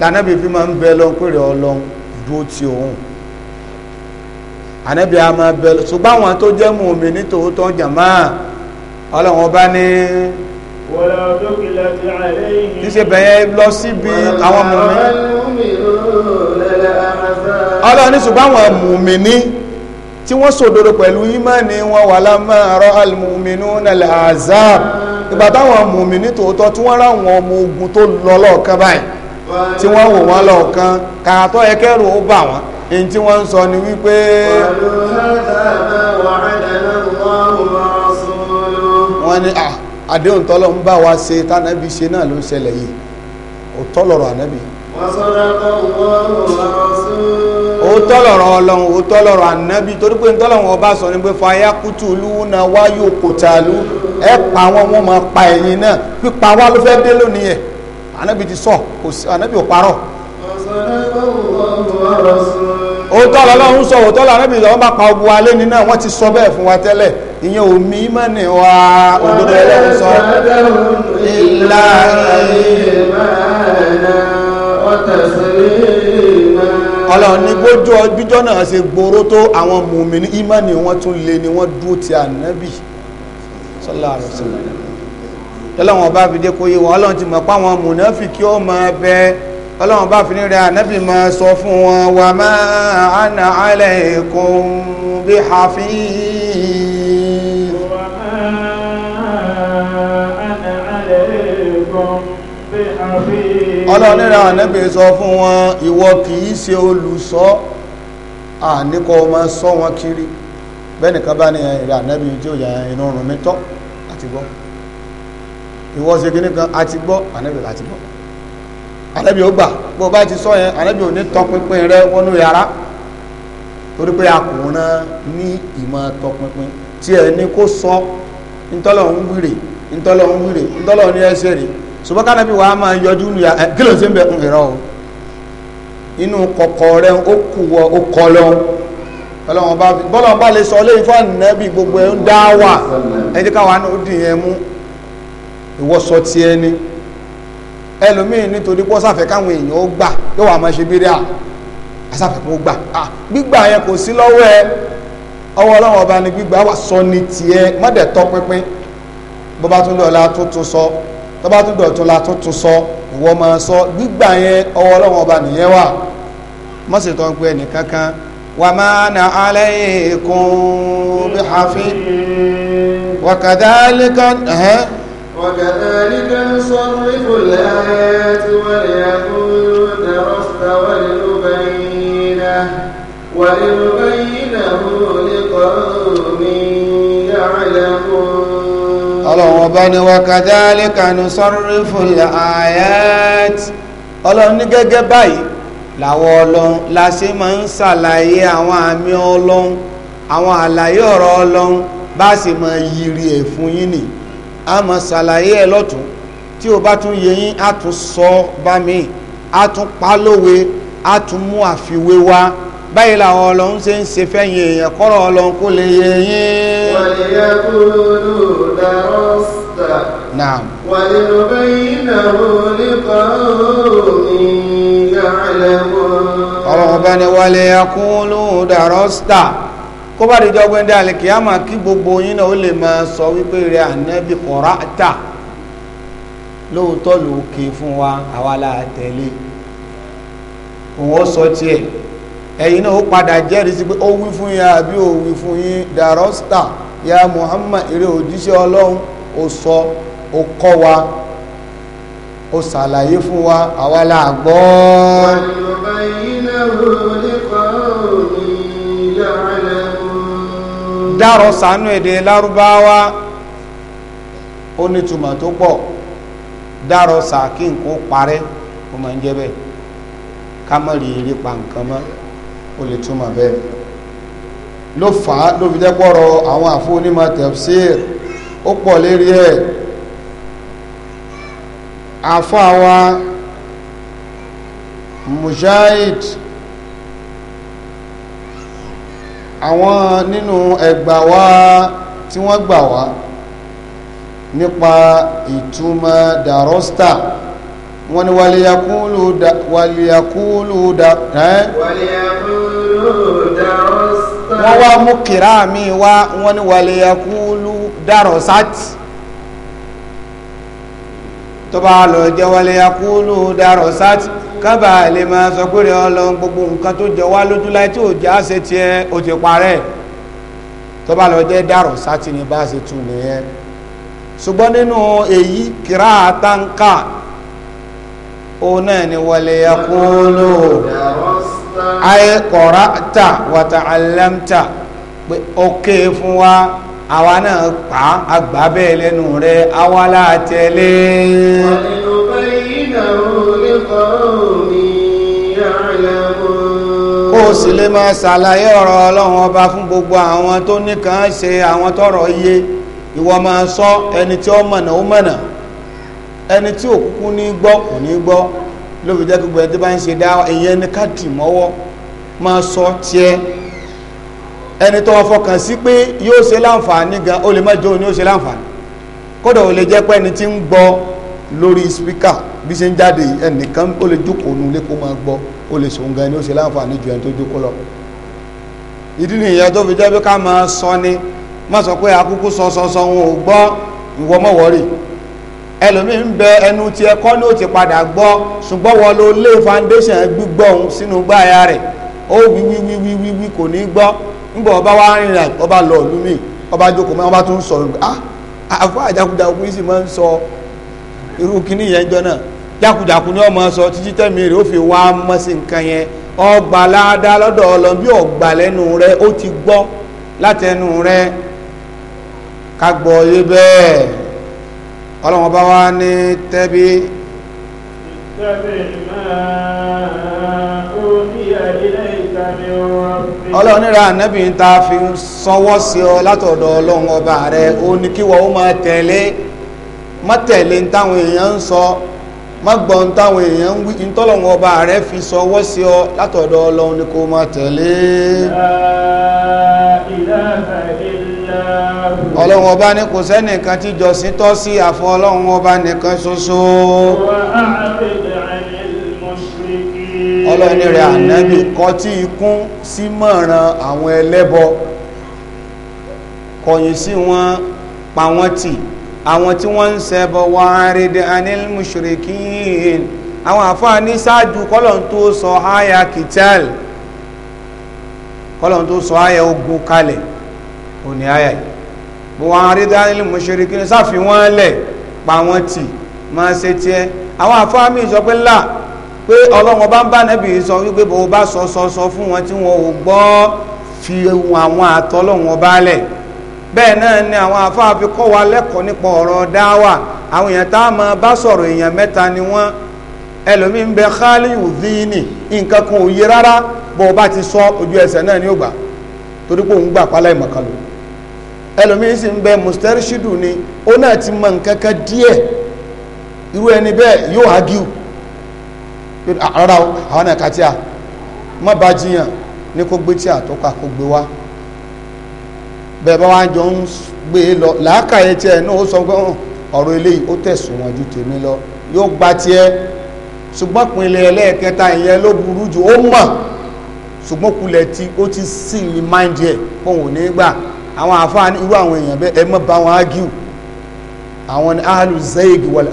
lànàbí fi máa ń bẹ lọ́n pèrè ọlọ́n dúró ti òun ànàbí a máa bẹ lọ ṣùgbọ́n àwọn tó jẹ́ mú omi ní tòótọ́ jàmá ọlọ́run ọba ní níṣẹ́ bẹ̀yẹ lọ síbi àwọn mùmí ọlọ́run ní ṣùgbọ́n àwọn mùmí ní tí wọ́n sòdodo pẹ̀lú ìmánì wọn wà lámàárọ̀ alìmùmínú nàlẹ̀ azab ìgbà táwọn mùmí ní tòótọ́ tí wọ́n ráwọn ọmọ ogun tó lọ lọ́ọ̀kan báyìí tí wọ́n wò wọ́n lọ kan kàtọ́ ẹkẹ́rù ó bà wọ́n èyí tí wọ́n ń sọ ni wípé wọ́n àdéhùn tọ́lọ̀ ń bá wa ṣe tánàbí ṣe náà ló ń ṣẹlẹ̀ yìí tọ́lọ̀rọ̀ ànábì ó tọ́lọ̀rọ̀ ọlọ́run ó tọ́lọ̀rọ̀ ànábì torí pé ọba sọ ni pé fayakútù lúna wáyò kòtàlú ẹ pa pa náà pípa wá anabi ti sọ kò anabi ò parọ́. òótọ́ lọ́lọ́run sọ òótọ́ lọ́lọ́run anabi ìjọba bá pa ogun alẹ́ ní náà ti sọ bẹ́ẹ̀ fún wa tẹ́lẹ̀ ìyẹn ò mí wa òdodo ẹlẹ́rìí sọ. ọlọ́run ní gbójú ọgbíjọ́ náà ṣe gbòòrò tó àwọn mùmí ní ìmọ̀ ni wọ́n tún lé ni wọ́n dúró ti ànábì sallallahu alaihi lọ́lọ́wọ́n bá fi dé kó yé wọn ọlọ́run ti mọ̀ páwọn mùnáfíkí ó mọ bẹ ọlọ́run bá fi ní rẹ ànábì mọ sọ fún wọn wà má àna alaykum bí hafiz. wà má àna alaykum bí hafiz. ọlọ́run rẹ ànábì sọ fún wọn ìwọ kì í ṣe olùṣọ́ àníkọ́ ọmọ sọ wọn kiri bẹ́ẹ̀ nìkan bá ní ìrẹ ànábì tí ó yà inú rùn mi tọ́ àti gbọ́ ìwọ ṣe kíní kan àti gbọ́ ànábì àti gbọ́ ànábì ó gbà bó bá ti sọ yẹn ànábì ò ní tọpinpin rẹ wọnú yàrá torí pé akùnrin ní ìmọ̀ tọpinpin tí ẹ ní kó sọ ntọ́lọ̀ ń wíre ntọ́lọ̀ ń wíre ntọ́lọ̀ ní ẹsẹ̀ rè ṣùgbọ́n kánábì wàá máa yọjú ní yàrá kí ló ń ṣe ń bẹ ń rọ o inú kọ̀kọ̀ rẹ ó kù wọ ó kọ lọ́wọ́ ọlọ́wọ́n bá lè sọ lẹ́yìn fún ànábì gbogbo ẹ̀ ń dá wà ẹ jẹ́ káwa ìwọ sọ ti ẹni ẹlòmíì nítorí pọ́ sáfẹ́ káwọn èèyàn ó gbà yóò wà máa ṣe bí rí à asáfẹ́ kó gbà à gbígbà yẹn kò sí lọ́wọ́ ẹ ọwọ́ ọlọ́wọ́ ọba ni gbígbà wà sọ ní tiẹ̀ mọ́dẹ̀ tọ́ pínpín bó bá tún dọ̀la tó tún sọ tó bá tún dọ̀tún la tó tún sọ ìwọ máa sọ gbígbà yẹn ọwọ́ ọlọ́wọ́ ọba nìyẹn wà mọ́sẹ̀ tó ń pẹ́ nìkankan wà máa nà alẹ́ kún bí hafi wàkàdálẹ́kan ẹ̀hẹ́. وكذلك نصرف الآيات وليقولوا درست ولنبينه ولنبينه لقوم يعلمون ọlọ́run ọba ni wa kadhalika nusarriful ayat ọlọ́run ní gẹ́gẹ́ báyìí làwọn ọlọ́run la ṣe máa ń ṣàlàyé àwọn àmì ọlọ́run àwọn àlàyé ọ̀rọ̀ ọlọ́run bá ṣe máa yiri ẹ̀ fún yín nìyí a mọ̀ ṣàlàyé ẹ̀ lọ́tún tí o bá tún yẹ yín a tún sọ bá mi a tún pa lówe a tún mú àfiwé wá báyìí làwọn ọlọ́run ṣe ń ṣe fẹ́yìn èèyàn kọ́rọ̀ ọlọ́run kó lè yẹ yín. wọ́n lè kó lò dárọ́ sà. naam. wọ́n lè lọ náà lè kọ́ òní yàrá lẹ́wọ̀n. ọ̀rọ̀ ọba ni wọ́n lè yẹ kó lò dárọ́ sà. kó bá dìjọ́ gbẹ́ndé alìkìyàmà kí gbogbo yín náà ó lè máa sọ wípé rẹ̀ ànábì kọ̀rá tà lóòótọ́ ló ké fún wa àwa la òun ó sọ tiẹ̀ ẹ̀yin náà ó padà jẹ́rìí sí pé ó wí fún yín ya Muhammad eré òjíṣẹ́ ọlọ́run ó sọ ó kọ́ wa ó ṣàlàyé fún wa dárọ̀ sànú èdè lárúbáwá ó nítumọ̀ tó pọ̀ dárọ̀ sà kí nǹkan parẹ́ ó máa ń jẹ́ bẹ́ẹ̀ ká rí eré pa nǹkan mọ́ ó lè túmọ̀ bẹ́ẹ̀ ló fà á ló fi àwọn ó pọ̀ mujahid àwọn nínú ẹgbà wá tí wọ́n gbà wá nípa ìtumọ̀ dàrọ́stà wọ́n ní wàlìyàkúlù wàlìyàkúlù wọ́n wá mú kìrá mi wá wọ́n ní wàlìyàkúlù dàrọ́sátì tó bá lọ jẹ́ wọlé akúlù dárọ̀ sátì kábà lè máa sọ pé rẹ̀ ọlọ́run gbogbo nǹkan tó jọ wá lójú láì tí ò já ṣe tiẹ̀ ó ti parẹ́ tó lọ jẹ́ dárọ̀ sátì ni bá ṣe tún nìyẹn ṣùgbọ́n nínú èyí kìrá àtàǹkà òun náà ni wọlé akúlù ayé kọ̀rá ta wàtà àlẹ́mta pé ó ké fún wa àwa náà pa àgbà bẹ́ẹ̀ lẹ́nu rẹ àwa látẹ̀lé. ó sì lè máa ṣàlàyé ọ̀rọ̀ ọlọ́run ọba fún gbogbo àwọn tó nìkan ṣe àwọn tọrọ iye ìwọ máa sọ ẹni tí ó mọ̀nà ó mọ̀nà ẹni tí òkúkú ní gbọ́ kò ní gbọ́ lóbi jẹ́ gbogbo ẹni tí bá ń ṣe dá ìyẹn ní ká mọ́wọ́ máa sọ tiẹ̀ ẹni tó fọkàn sí pé yóò ṣe láǹfààní gan ó lè mọ́jọ́ ni ó ṣe láǹfààní kódà ó lè jẹ́ pé ẹni tí ń gbọ́ lórí spíkà bí ṣe ń jáde ẹnìkan ó lè jókòó nu lé kó máa gbọ́ ó lè sòun gan ni ó ṣe láǹfààní ju ẹni lọ ìdí nìyẹn tó fi jẹ́ pé ká sọ ni má sọ pé akúkú sọsọsọ wọn ò gbọ́ ìwọ mọ̀ wọ́rì bẹ ẹnu tí ó ti foundation òun sínú gbáyà ó kò ní ńgbọ̀ ọba wá rìnrìn àjò ọba lọ ìlú mi ọba jókòó mọ́ ọba tó ń sọ̀rọ̀ ah àfọ àjàkújàkú yìí sì máa ń sọ irú kíní yẹn jọ náà jákujàku ni ọmọ sọ títí tẹ̀mí rẹ̀ ó fi wá mọ́ sí nǹkan yẹn ọgbà ládàá lọ́dọ̀ ọlọ́ bí ọgbà lẹ́nu rẹ̀ ó ti gbọ́ látẹnu rẹ̀ ká gbọ́ yé bẹ́ẹ̀ ọlọ́wọ́n bá wá ní tẹ́bí. tẹ́bí máa ń rí ayé ọlọ́nira ànábì ta fi sọwọ́ sí ọ látọ̀dọ̀ ọlọ́run ọba rẹ ó ní kíwọ ó máa tẹ̀lé má tẹ̀lé táwọn èèyàn ń sọ má gbọ́n táwọn èèyàn ń wí ìtọ́lọ̀wọ̀n ọba rẹ fi sọwọ́ sí ọ látọ̀dọ̀ ọlọ́run ní kó máa tẹ̀lé ọlọ́run ọba ní kò sẹ́nìkan tí jọ́sìn tọ́ sí àfọ ọlọ́run ọba nìkan ṣoṣo ọlọ́ni rẹ̀ ànábì kọtí ikún sí mọ̀ràn àwọn ẹlẹ́bọ kọ̀yìn sí wọn pa wọ́n tì àwọn tí wọ́n ń ṣẹbọ wà árídẹ anil mushrikin àwọn àfáàní ṣáájú kọ́lọ̀n tó sọ àyà kìtẹ́l kọ́lọ̀n tó sọ àyà ogun kalẹ̀ òní àyà yìí wà árídẹ anil mushrikin sáfi wọ́n lẹ̀ pa tì máa ṣe tiẹ́ àwọn àfáàmì sọ pé láà pé ọlọ́run ọba ń bá nẹ́bì sọ wípé bó bá sọ sọ sọ fún wọn tí wọn ò gbọ́ fi àwọn àtọ́lọ́run ọba lẹ̀ bẹ́ẹ̀ náà ni àwọn àfáà fi kọ́ wa lẹ́kọ̀ọ́ nípa ọ̀rọ̀ dáwà àwọn èèyàn tá a bá sọ̀rọ̀ èèyàn mẹ́ta ni wọ́n ẹlòmí ń bẹ nǹkan kan ò yé rárá sọ ojú ẹsẹ̀ náà ni ó gbà torí pé òun gbà pálá ẹlòmí sì ń bẹ ti mọ nǹkan kan díẹ̀ irú ẹni bẹ́ẹ̀ Ah, rárá o àwọn náà ka tíà má bá jiyàn ní kó gbé a tó kà kó gbé wá bẹ́ẹ̀ bá wá jọ ń gbé e lọ làákàyè tiẹ̀ náà ó sọ pé ọ̀rọ̀ eléyìí ó tẹ̀sùn wọn ju tèmi lọ yóò gba tiẹ̀ ṣùgbọ́n pinlẹ̀ ẹlẹ́ẹ̀kẹta ìyẹn ló burú jù ó mọ̀ ṣùgbọ́n kulẹ̀ tí ó ti sì ní máìndì ẹ̀ kó wọn ò ní gbà àwọn àfáà irú àwọn èèyàn bẹ́ẹ̀ ẹ má bá wọn ágíù àwọn ni ahlu zayg wal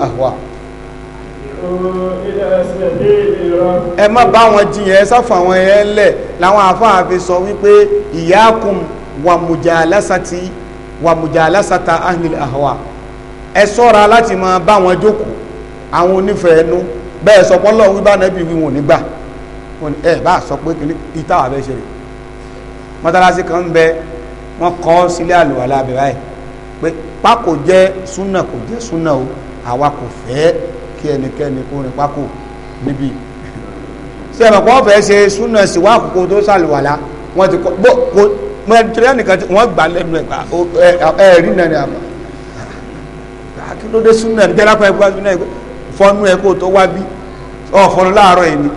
ẹ má bá wọn jiyàn ẹ sáfà wọn yẹn lẹ̀ làwọn àfáà fi sọ wípé ìyáàkùn wà mùjàlásàtì wà mùjàlásàtà ahlil ahwa ẹ sọ́ra láti máa bá wọn jókòó àwọn onífẹ̀ẹ́ nú bẹ́ẹ̀ sọ pé ọlọ́run wíbá náà bí wí wọn nígbà ẹ bá sọ pé kìlí ìta wà bẹ́ẹ̀ ṣe rè mọ́tàlásí kan ń bẹ wọ́n kọ́ sílé àlùwàlá abẹ́ báyìí pé pákó jẹ́ súnà kò jẹ́ súnà o àwa kò fẹ́ẹ́ kí ẹnikẹ́ni kó rìn pákó níbi sẹ́wọ̀n kọ́ fẹ́ ṣe súnà sí wá àkókò tó sàlùwàlá wọ́n ti kọ́ bó kó mẹ́tìrẹ́ nìkan wọ́n gbà lẹ́nu ẹ̀ rí nàní àmọ́ akílódé súnà ní jẹ́lápá ẹgbẹ́ súnà ẹgbẹ́ fọ́nú ẹ kó tó wá bí ọ̀fọ́nú láàárọ̀ yìí ni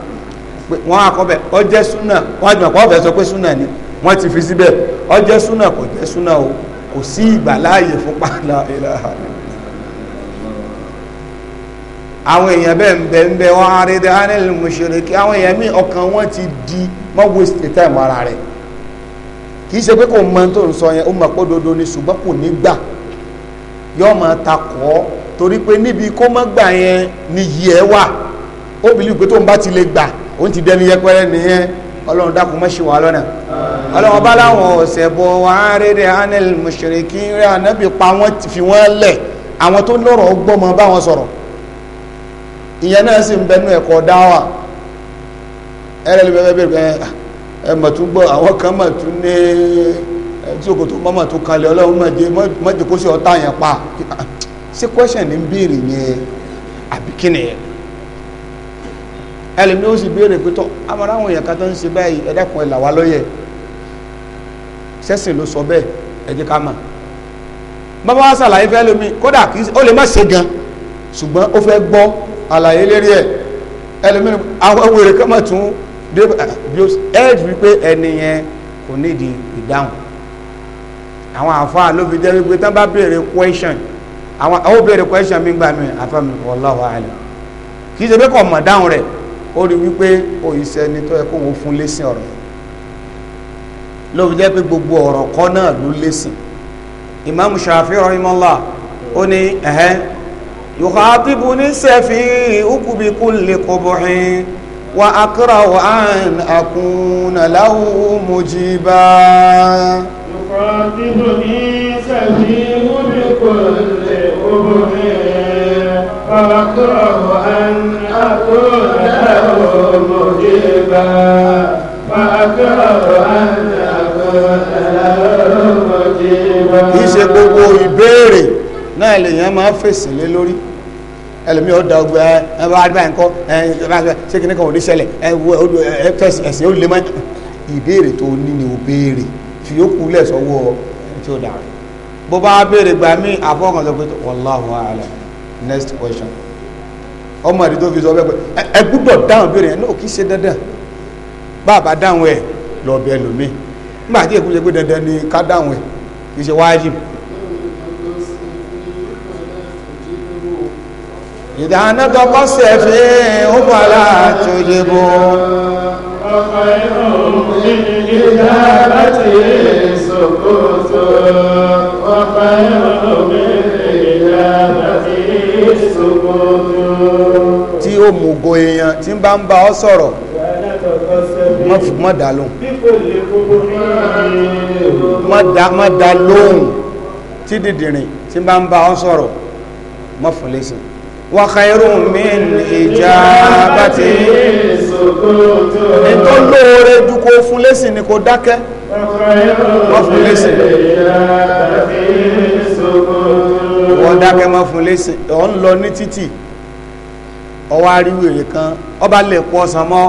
wọ́n akọ́bẹ̀ ọ jẹ́ súnà wọ́n jùmọ̀ kọ́ fẹ́ sọ pé súnà ni wọ́n ti fi síbẹ̀ ọ jẹ́ súnà kò jẹ́ súnà o kò sí ìgbà láàyè fún pàlà ìlànà àwọn èèyàn bẹ́ẹ̀ ń bẹ ń bẹ wọ́n á rí the anil mushriki àwọn èèyàn míì ọkàn wọn ti di mọ́ waste time ara rẹ̀ kì í ṣe pé kò mọ tó ń sọ yẹn ó mọ̀ pé dodo ni ṣùgbọ́n kò ní gbà yóò máa takọ̀ torí pé níbi kó mọ́ gbà yẹn ni yìí ẹ wà ó bìlí pé tó ń bá ti lè gbà ó ti dẹni yẹpẹrẹ nìyẹn ọlọ́run dákun mọ́ ṣe wà lọ́nà ọlọ́run bá láwọn ọ̀sẹ̀ bọ̀ wá rere anil mushriki rẹ̀ ànábì pa wọ́n fi wọ́n lẹ̀ àwọn tó lọ́rọ̀ ọgbọ́n mọ́ bá ìyẹn náà sì ń bẹnu ẹ̀kọ́ dáwà ẹ̀rẹ́ lè bẹ́ẹ̀ bẹ́ẹ̀ ah, ẹ mọ̀ tún gbọ́ àwọn kan mọ̀ tún ní tí o kò tó mọ̀ tún kalẹ̀ ọlọ́run kó sì ọ̀tá yẹn pa ṣé question ní béèrè yẹn àbí kí ni yẹn ẹlẹ́mi ó sì béèrè pé tọ́ amọ̀ràn àwọn èèyàn kan tó ń ṣe báyìí ẹ dákun ẹ là wá lóye sẹ́sìn ló sọ bẹ́ẹ̀ ẹ ká mọ̀ bàbá wa ṣàlàyé fẹ́ lómi kódà ó lè má ṣe gan ṣùgbọ́n ó fẹ́ gbọ́ àlàyé lérí ẹ̀ ẹlòmínú àwọn wèrè kan mọ̀ tún dé ẹ̀ẹ́dì wípé ẹni yẹn kò nídìí ìdáhùn àwọn àfáà ló fi jẹ́ wípé tán bá béèrè question àwọn ó béèrè question mi gbà mí àfáà mi wallahu alim kì í ṣe pé kò mọ̀ dáhùn rẹ̀ ó rí wípé òyìnṣẹ́ ni tó yẹ kó wọ́n fún lẹ́sìn ọ̀rọ̀ yẹn ló jẹ́ pé gbogbo ọ̀rọ̀ kọ́ náà ló lẹ́sìn Imam Shafi'i rahimahullah ó ní ẹ̀hẹ́ يخاطبني السفيء بكل قبح وأكره أن أكون له مجيبا يخاطبني السفيء بكل قبح وأكره أن أكون له مجيبا وأكره أن أكون له مجيبا ìṣe gbogbo ìbéèrè náà lèèyàn máa fèsì lé lórí ẹlòmíì ọdọ ọgbẹ́ ẹ bá gbà ńkọ́ ẹ ṣé kìnnì kan ò ní ṣẹlẹ̀ ẹ fẹsẹ̀ ẹ̀sìn ó lè má ìbéèrè tó ní ni ò béèrè fi yókù tí ó bó bá béèrè gbà mí àfọkàn sọ pé next question ọmọ ìdí tó fi sọ ẹ gbúdọ̀ dáhùn béèrè yẹn náà kì í ṣe dandan bàbá dáhùn ẹ lọ bẹ ẹlòmíì nígbà tí ìdáná tọkọ sẹfẹ ọmọ aláàtúndìbò. ọkọ inú mi ìdá láti ṣòkòtò ọkọ inú mi ìdá láti ṣòkòtò. tí ó mùgo èèyàn tí ń bá ń bá ọ sọ̀rọ̀ mọ́ dá lóhùn mọ́ dá lóhùn tí dìdìrìn tí ń bá ń bá ọ sọ̀rọ̀ mọ́ fún lẹ́sìn wàkàírù min ìjàbàtì ní re du ko fún lésì ni kò dákẹ́ wọ́n fún lésì wọ́n dákẹ́ mọ́ fún lésì ọ ń lọ ní títì ọwọ́ aríwò èrè kan ọba lè pọ̀ ọsàn mọ́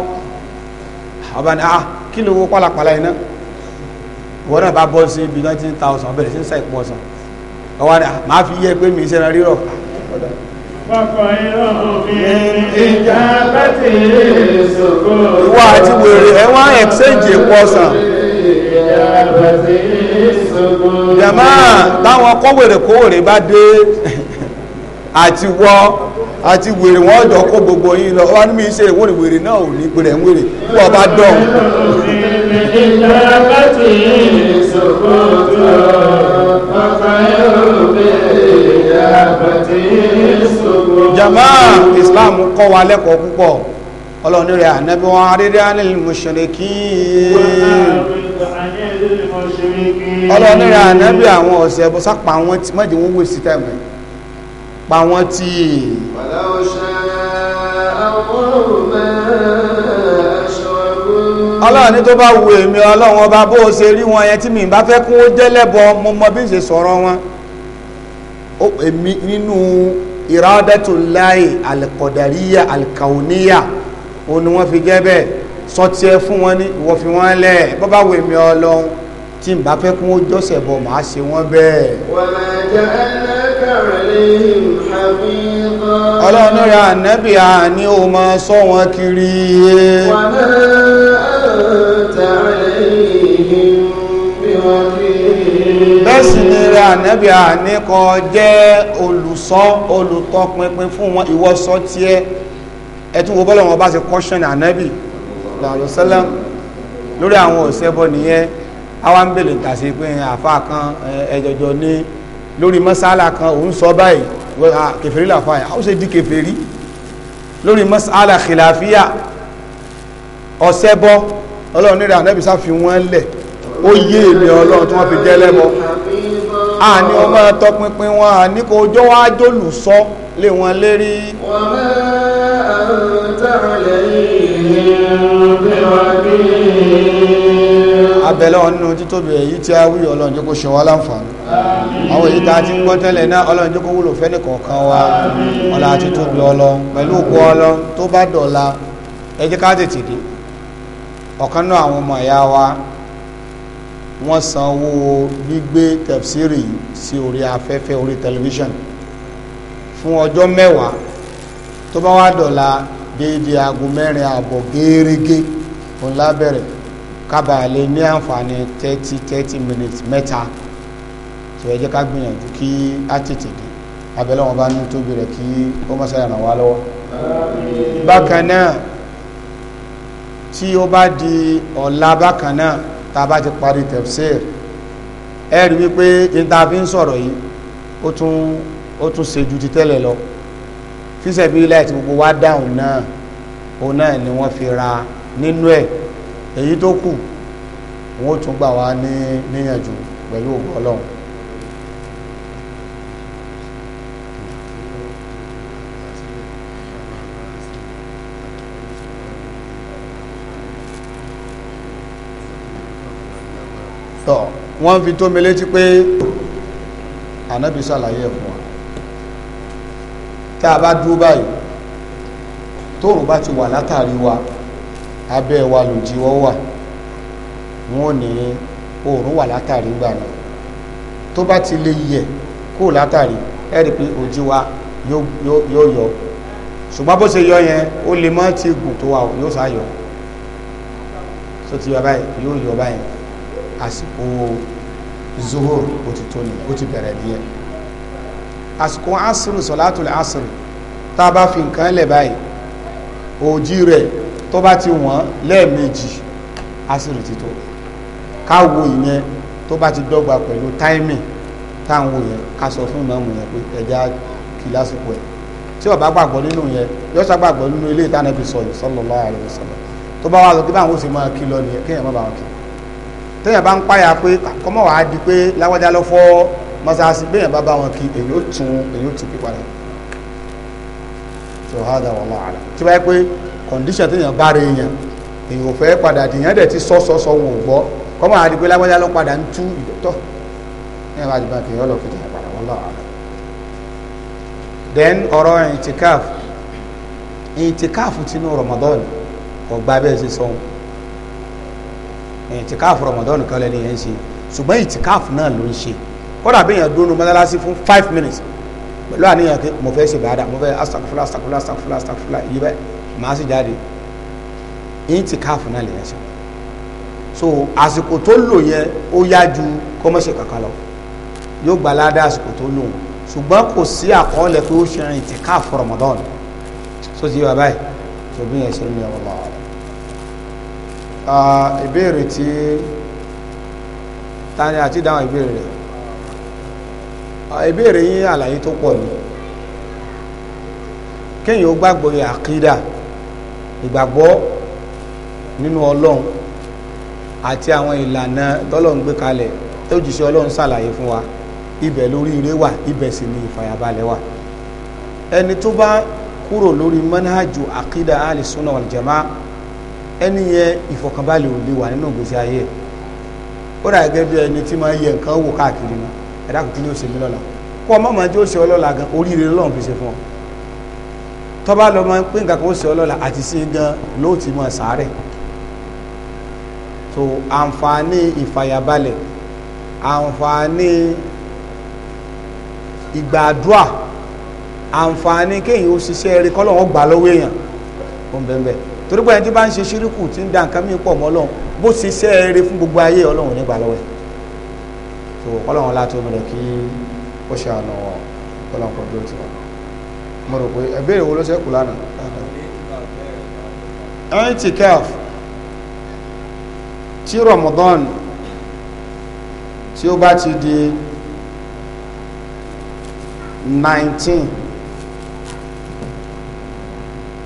ọba ni ah Kilo ló wó pálapàla iná wọ́n náà bá bọ́ sí ibi náà ti ń ta ọsàn bẹ̀rẹ̀ sí ni ah máa fi yẹ pé mi ìṣẹ́ra rírọ̀ ọ̀dọ̀ ìwà àti wèrè ẹ wá exchange pọ̀ sàn jàmá táwọn kọ́wèrè kọ́wèrè bá dé àti wọ́ àti wèrè wọ́n jọ kó gbogbo yín lọ wọ́n ní ṣe ìwòrì wèrè náà ò ní gbèrè ń wèrè wọ́n bá dán ìjọba tí ìṣòkòtò ọkọ̀ ẹ̀rọ bẹ̀rẹ̀ jama islam kọ́ wa lẹ́kọ̀ọ́ púpọ̀ ọlọ́run rẹ̀ ànábí wọn arírí anil mushrikin ọlọ́run rẹ̀ ànábí àwọn ọ̀sẹ̀ ẹbọ sápa àwọn tí mọ́jì wọ́n wé sí tẹ̀mẹ̀ pa wọ́n tí ọlọ́run ní tó bá wù èmi ọlọ́run ọba bó o ṣe rí wọn yẹn tí mi bá fẹ́ kún ó jẹ́lẹ́bọ mo mọ bí ń ṣe sọ̀rọ̀ wọn èmi nínú iradatullahi alqadariya alkauniya ó ní wọ́n fi jẹ́ bẹ́ẹ̀ fún wọn ní ìwọ fi wọ́n lẹ̀ bọ́bá wo èmi ọlọ́run tí n bá fẹ́ kún ó jọ́sẹ̀ màá ṣe wọ́n bẹ́ẹ̀. ọlọ́run rẹ̀ ànábìá ni ó máa sọ wọn kiri. bẹ́ẹ̀ sì ni rẹ ànábì àníkọ jẹ́ olùsọ olùtọpinpin fún wọn ìwọ́sọ tiẹ̀ ẹ̀tún wo bọ́lọ̀ wọn bá ti kọ́ṣọ́nì ànábì làlọ́sẹ́lẹ̀m lórí àwọn òṣèbọ nìyẹn àwọn bèèrè tàṣí pé àfa kan ẹjọjọ ní lórí mọ́sálà kan òun sọ báyìí ah, kèfèrí làfa yà ó ṣe di kèfèrí lórí mọ́sálà kìláfíà ọ̀ṣẹ́bọ ọlọ́run nílẹ̀ ànábì sá fi wọ́n lẹ̀ o yie èmi ọlọ́run tí wọ́n fi jẹ́ lẹ́bọ àní ọmọ tọpinpin wọn àní kò jọ wá sọ wọn lérí abẹ́lẹ́ ọ̀nà títóbi èyí tí a wí ọlọ́run jẹ́ kó ṣe wá láǹfààní àwọn èyí ti ń gbọ́ tẹ́lẹ̀ náà ọlọ́run jẹ́ wa ọlá títóbi ọlọ́run pẹ̀lú òkú ọlọ́run tó bá dọ̀la ká tètè ọmọ wa wọ́n san owó gbígbé tafsiri sí orí afẹ́fẹ́ orí tẹlifíṣàn fún ọjọ́ mẹ́wàá tó bá wá dọ̀la déédéé aago mẹ́rin ààbọ̀ gẹ́ẹ́rẹ́gẹ́ òun lábẹ̀rẹ̀ kábàálẹ̀ ní àǹfààní thirty thirty minutes mẹ́ta tó ẹ jẹ́ ká gbìyànjú kí á tètè dé abẹ́lẹ́ wọn bá ní tóbi rẹ̀ kí ó mọ̀ sáyà ràn wá lọ́wọ́. bákan náà tí ó bá di ọ̀la bákan náà tá a bá ti parí tafsir ẹ rí wípé ìntàfi ń sọ̀rọ̀ yìí ó tún ó tún ṣe ju ti tẹ́lẹ̀ lọ fisabilillah tí gbogbo wa dáhùn náà òun náà ni wọ́n fi ra nínú ẹ̀ èyí tó kù wọ́n ó tún gbà wá ní níyànjú pẹ̀lú ògbọ́lọ́hùn. wọ́n fi tó mi létí pé ànábì ṣàlàyé fún wa tá a bá dúró báyìí tóòrùn bá ti wà látàrí wa abẹ́ wa lòdì wọ́n wà wọn ò ní oòrùn wà látàrí gbà náà tó bá ti lè yẹ kó látàrí ẹ rí i pé òjì wa yóò yọ ṣùgbọ́n bó ṣe yọ yẹn ó lè mọ́ ti gùn tó wà yóò sá yọ tó ti yọ báyìí yóò yọ báyìí àsìkò zuhur ó ti tó ni ó ti bẹ̀rẹ̀ díẹ̀ àsìkò asr sọ̀látùl asr tá a bá fi nǹkan lẹ̀ báyìí òjì rẹ̀ tó bá ti wọ́n lẹ́ẹ̀mejì asr ti tó ká wo ìyẹn tó bá ti dọ́gba pẹ̀lú táìmì táwọn yẹn ká sọ fún ìmọ̀ọ́mù yẹn pé ẹja kì lásìkò ẹ̀ tí ó bá nínú yẹn yóò ṣàgbàgbọ́ nínú ilé ìtànà ibi sọ̀rọ̀ sallallahu alaihi wasallam tó bá wà lọ kí báwọn ó sì máa kí lọ nìyẹn kéèyàn má bàa kí téèyàn bá ń páyà pé ah, kọ́mọ̀ wàá di pé láwọ́dá lọ fọ́ mọ́sáàsì béèyàn bá bá wọn kí èyí ó tún èyí ó tún pípa rẹ̀ tó hádà wallahu a'lam tí wáyé pé kọ̀ǹdíṣàn téèyàn bá rẹ̀ èèyàn èyí ò fẹ́ padà dìyàn dẹ̀ ti sọ́sọ́sọ́ wọn ò gbọ́ kọ́mọ̀ wàá di pé láwọ́dá lọ padà ń tú ìdọ́tọ̀ ní ìwádìí bá kì í ọlọ́ kìtìyàn padà wallahu a'lam then ọ̀rọ̀ ìtìkáàfù ìtìkáàfù tinú Ramadan ọ̀gbá bẹ́ẹ̀ sí sọ́hun ìtìkáàfù rọmọdọ́nù kan lẹ́ni yẹn ń ṣe ṣùgbọ́n ìtìkáàfù náà ló ń ṣe kódà bí èèyàn dúró nu mọ́tálásí fún five minutes pẹ̀lú àníyàn pé mo fẹ́ ṣe bàdà mo fẹ́ astagfula astagfula astagfula astagfula yí bẹ́ẹ̀ màá sì jáde ìtìkáàfù náà lè yẹn ṣe so àsìkò tó lò yẹn ó yá ju kọ́mọ́ṣe kankan lọ yóò gbà ládàá àsìkò tó lò ṣùgbọ́n kò sí àkọọ́lẹ̀ pé ó ṣe ìtìkáàfù rọmọdọ́nù sóti yóò bá báyìí tó bí yẹn ṣe ń lè wọ́n lọ́wọ́ ìbéèrè tí tani àti dáhùn ìbéèrè rẹ̀ ìbéèrè yín àlàyé tó pọ̀ ni kéèyàn ó gbàgbọ́ yẹ àkídà ìgbàgbọ́ nínú ọlọ́run àti àwọn ìlànà tọ́lọ́run gbé kalẹ̀ tó jìṣẹ́ ọlọ́run ṣàlàyé fún wa ibẹ̀ lórí ire wà ibẹ̀ sì ni ìfàyàbalẹ̀ wà ẹni tó bá kúrò lórí manhajú àkídà alìsúnà wàlìjàmá ẹni yẹn ìfọ̀kànbalẹ̀ ò lè wà nínú ìgbésí ayé ẹ̀ ó rà gẹ́gẹ́ bí ẹni tí máa yẹ nǹkan wò káàkiri ni ẹ̀dá kò kí ni ó ṣe mí lọ́la kó ọmọ màá tí ó ṣe ọlọ́la gan oríire lọ́run fi ṣe fún ọ tọ́ba lọ máa ń pín nǹkan kan ó ṣe ọlọ́la àti ṣe gan ló ti máa sàárẹ̀ tó àǹfààní ìfàyàbalẹ̀ àǹfààní ìgbàdúà àǹfààní kéèyàn ó ṣiṣẹ́ rí kọ́lọ́wọ́n gbà lọ́wọ́ èèyàn ó ń bẹ́ẹ̀ bẹ́ẹ̀ torí pé ẹni tí bá ń ṣe ṣíríkù tí ń da nǹkan mí pọ̀ mọ́ ọlọ́run bó ṣe ṣẹ́ eré fún gbogbo ayé ọlọ́run nígbà lọ́wọ́ ẹ̀ tó ọlọ́run láti omi rẹ̀ kí ó ṣe àna wọn ọlọ́run kò dúró tiwọn. mo rò pé ẹ̀bẹ̀rẹ̀ wo ló ṣẹ́kù lánàá. ẹ̀ńtìkẹ́f tí Ramadan tí ó bá ti di nineteen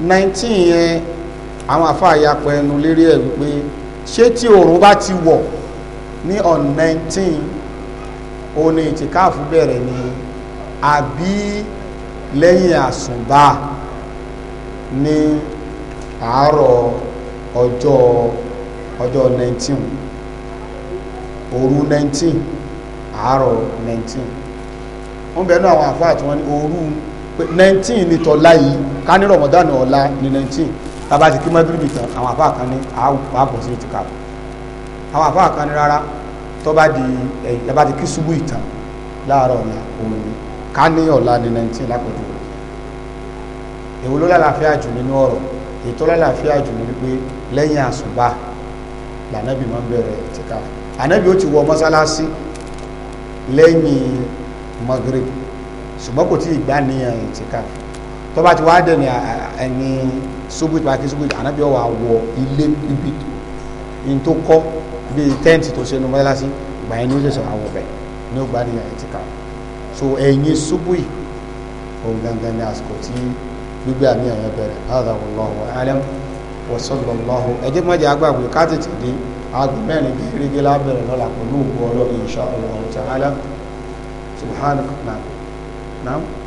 nineteen yẹn àwọn ya yapọ̀ ẹnu lérí ẹ̀ wípé ṣé tí òòrùn bá ti wọ̀ ní on 19 òní ìtìkáàfù bẹ̀rẹ̀ ni àbí lẹ́yìn àsùnbà ní àárọ̀ ọjọ́ ọjọ́ nineteen òru 19 àárọ̀ 19 wọ́n bẹ̀rẹ̀ àwọn àfáà tí wọ́n ní òru 19 ní tọ́lá yìí ká ní rọ̀mọ̀dánù ọ̀la ní 19 tàbá ti kí mọ́gìrìbì tán àwọn àfáà kan ní àbọ̀ sí ti kààbù àwọn àfáà kan ní rárá tó bá di ẹ̀yìn tàbá ti kí ṣubú ìtàn láàárọ̀ ọ̀la òun ni ká ní ọ̀la ní 19 lápẹ̀jù èwo ló lálàáfíà jù nínú ọ̀rọ̀ èyí tó lálàáfíà jù ní wípé lẹ́yìn àsùbá lànàbì máa ń bẹ̀rẹ̀ ìtìká ànàbì ó ti wọ mọ́sálásí lẹ́yìn mọ́gìrìbì ṣùgbọ́n kò tí ì gbá níyàn ìtìká tó bá ti wá dẹ̀ ní ẹni subuhi tó bá kí subuhi ànábì ọwọ́ àwọ ilé ibi in tó kọ́ bíi tẹ́ǹtì tó ṣe nu mọ́tálásí ìgbà yẹn ni ó ṣẹ̀ṣẹ̀ àwọ̀ bẹ̀ ní ó gbádùn yẹn ti kà so ẹ̀yìn subuhi òun gangan ní àsìkò tí gbígbé àníyàn yẹn bẹ̀rẹ̀ hādhā wallāhu a'lam wa sallallahu ẹ̀jẹ̀ mọ́jà agbáàgbé ká tètè dé aago mẹ́rin gẹ́gẹ́ lábẹ́rẹ̀ lọ́la pẹ̀lú ògbó ọlọ́run insha Allah ta'ala subhanahu wa ta'ala.